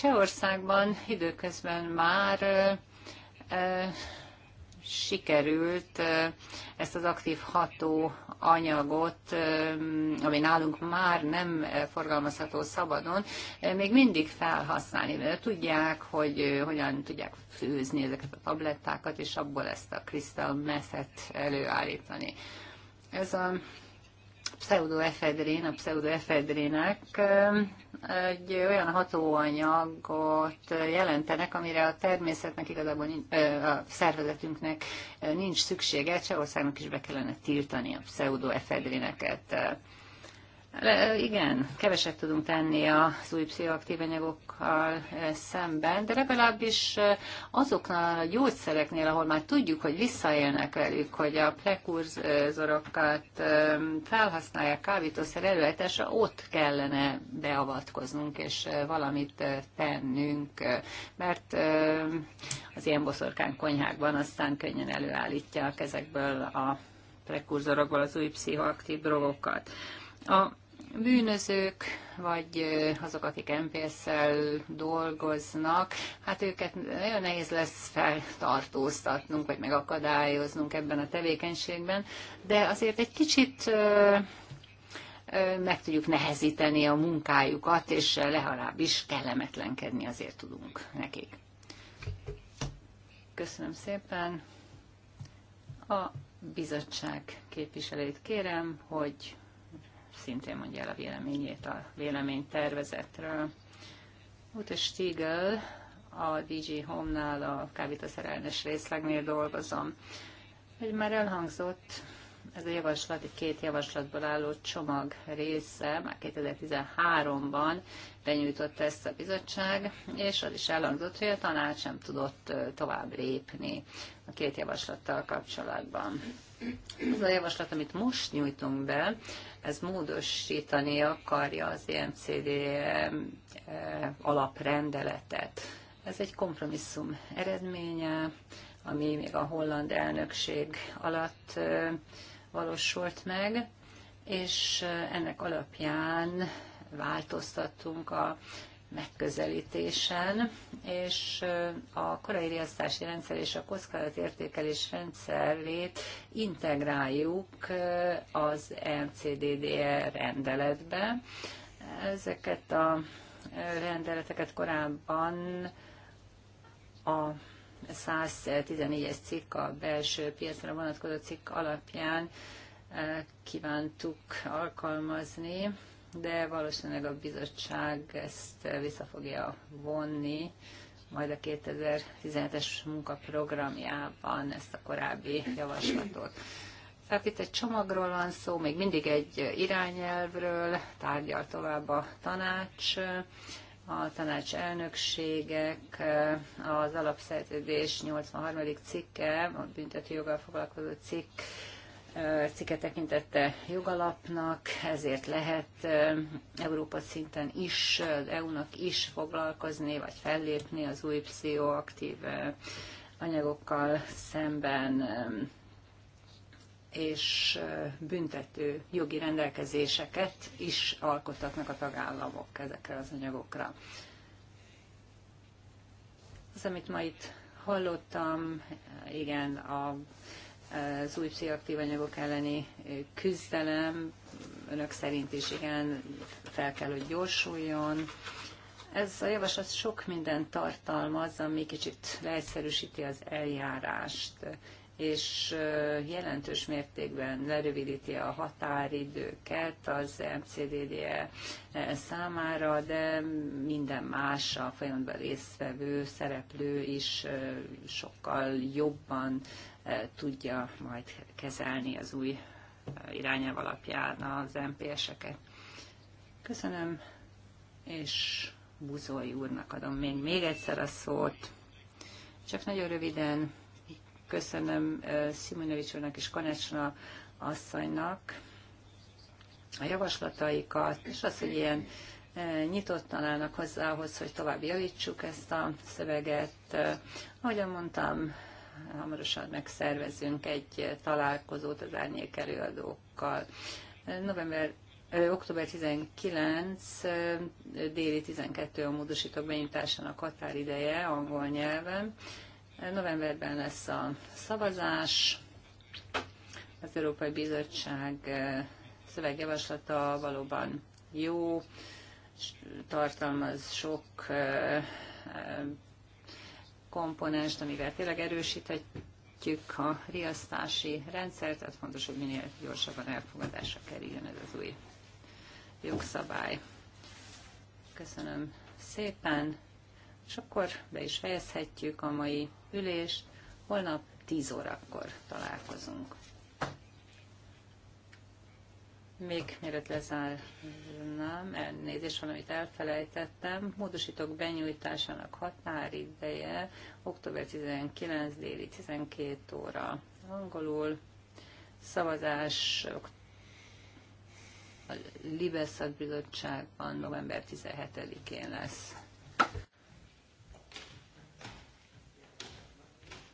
Csehországban időközben már sikerült ezt az aktív ható anyagot, ami nálunk már nem forgalmazható szabadon, még mindig felhasználni, mert tudják, hogy hogyan tudják főzni ezeket a tablettákat, és abból ezt a kristalmeszet előállítani. Ez a pseudoefedrin, a pseudoefedrinek egy olyan hatóanyagot jelentenek, amire a természetnek igazából a szervezetünknek nincs szüksége. Csehországnak is be kellene tiltani a pseudoefedrineket. Igen, keveset tudunk tenni az új pszichoaktív anyagokkal eh, szemben, de legalábbis eh, azoknál a gyógyszereknél, ahol már tudjuk, hogy visszaélnek velük, hogy a prekurzorokat eh, felhasználják kábítószer előállításra, ott kellene beavatkoznunk és valamit tennünk, mert az ilyen boszorkán konyhákban aztán könnyen előállítják ezekből a prekurzorokból az új pszichoaktív drogokat. A bűnözők, vagy azok, akik MPS-szel dolgoznak, hát őket nagyon nehéz lesz feltartóztatnunk, vagy megakadályoznunk ebben a tevékenységben, de azért egy kicsit meg tudjuk nehezíteni a munkájukat, és legalábbis kellemetlenkedni azért tudunk nekik. Köszönöm szépen. A bizottság képviselőit kérem, hogy szintén mondja el a véleményét a véleménytervezetről. Ute Stiegel, a DG Home-nál a kábítószerelmes részlegnél dolgozom. Hogy már elhangzott, ez a javaslat egy két javaslatból álló csomag része, már 2013-ban benyújtotta ezt a bizottság, és az is elhangzott, hogy a tanács sem tudott tovább lépni a két javaslattal kapcsolatban. Ez a javaslat, amit most nyújtunk be, ez módosítani akarja az EMCD eh, alaprendeletet. Ez egy kompromisszum eredménye, ami még a holland elnökség alatt eh, valósult meg, és eh, ennek alapján változtattunk a megközelítésen, és a korai riasztási rendszer és a értékelés rendszerét integráljuk az MCDDE rendeletbe. Ezeket a rendeleteket korábban a 114-es cikk, a belső piacra vonatkozó cikk alapján kívántuk alkalmazni, de valószínűleg a bizottság ezt vissza fogja vonni, majd a 2017-es munkaprogramjában ezt a korábbi javaslatot. Tehát itt egy csomagról van szó, még mindig egy irányelvről, tárgyal tovább a tanács, a tanács elnökségek, az alapszerződés 83. cikke, a büntetőjoggal foglalkozó cikk cikke tekintette jogalapnak, ezért lehet Európa szinten is, az EU-nak is foglalkozni, vagy fellépni az új pszichoaktív anyagokkal szemben és büntető jogi rendelkezéseket is alkottatnak a tagállamok ezekre az anyagokra. Az, amit ma itt hallottam, igen, a az új pszichoaktív anyagok elleni küzdelem önök szerint is igen fel kell, hogy gyorsuljon. Ez a javaslat sok minden tartalmaz, ami kicsit leegyszerűsíti az eljárást, és jelentős mértékben lerövidíti a határidőket az MCDDE számára, de minden más a folyamatban résztvevő szereplő is sokkal jobban tudja majd kezelni az új irányelv alapján az MPS-eket. Köszönöm, és Buzói úrnak adom még, még egyszer a szót. Csak nagyon röviden köszönöm Szimonovics úrnak és Kanecsna asszonynak a javaslataikat, és az, hogy ilyen nyitottan állnak hozzá ahhoz, hogy tovább javítsuk ezt a szöveget. Ahogyan mondtam, hamarosan megszervezünk egy találkozót az árnyék előadókkal. November Október 19, déli 12 a módosítók benyújtásának határideje angol nyelven. Novemberben lesz a szavazás, az Európai Bizottság szövegjavaslata valóban jó, tartalmaz sok komponens, amivel tényleg erősíthetjük a riasztási rendszert, tehát fontos, hogy minél gyorsabban elfogadásra kerüljön ez az új jogszabály. Köszönöm szépen, és akkor be is fejezhetjük a mai ülést. Holnap 10 órakor találkozunk. Még mielőtt lezárnám, elnézést valamit elfelejtettem, módosítók benyújtásának határideje október 19 déli 12 óra angolul, szavazás a Libeszat Bizottságban november 17-én lesz.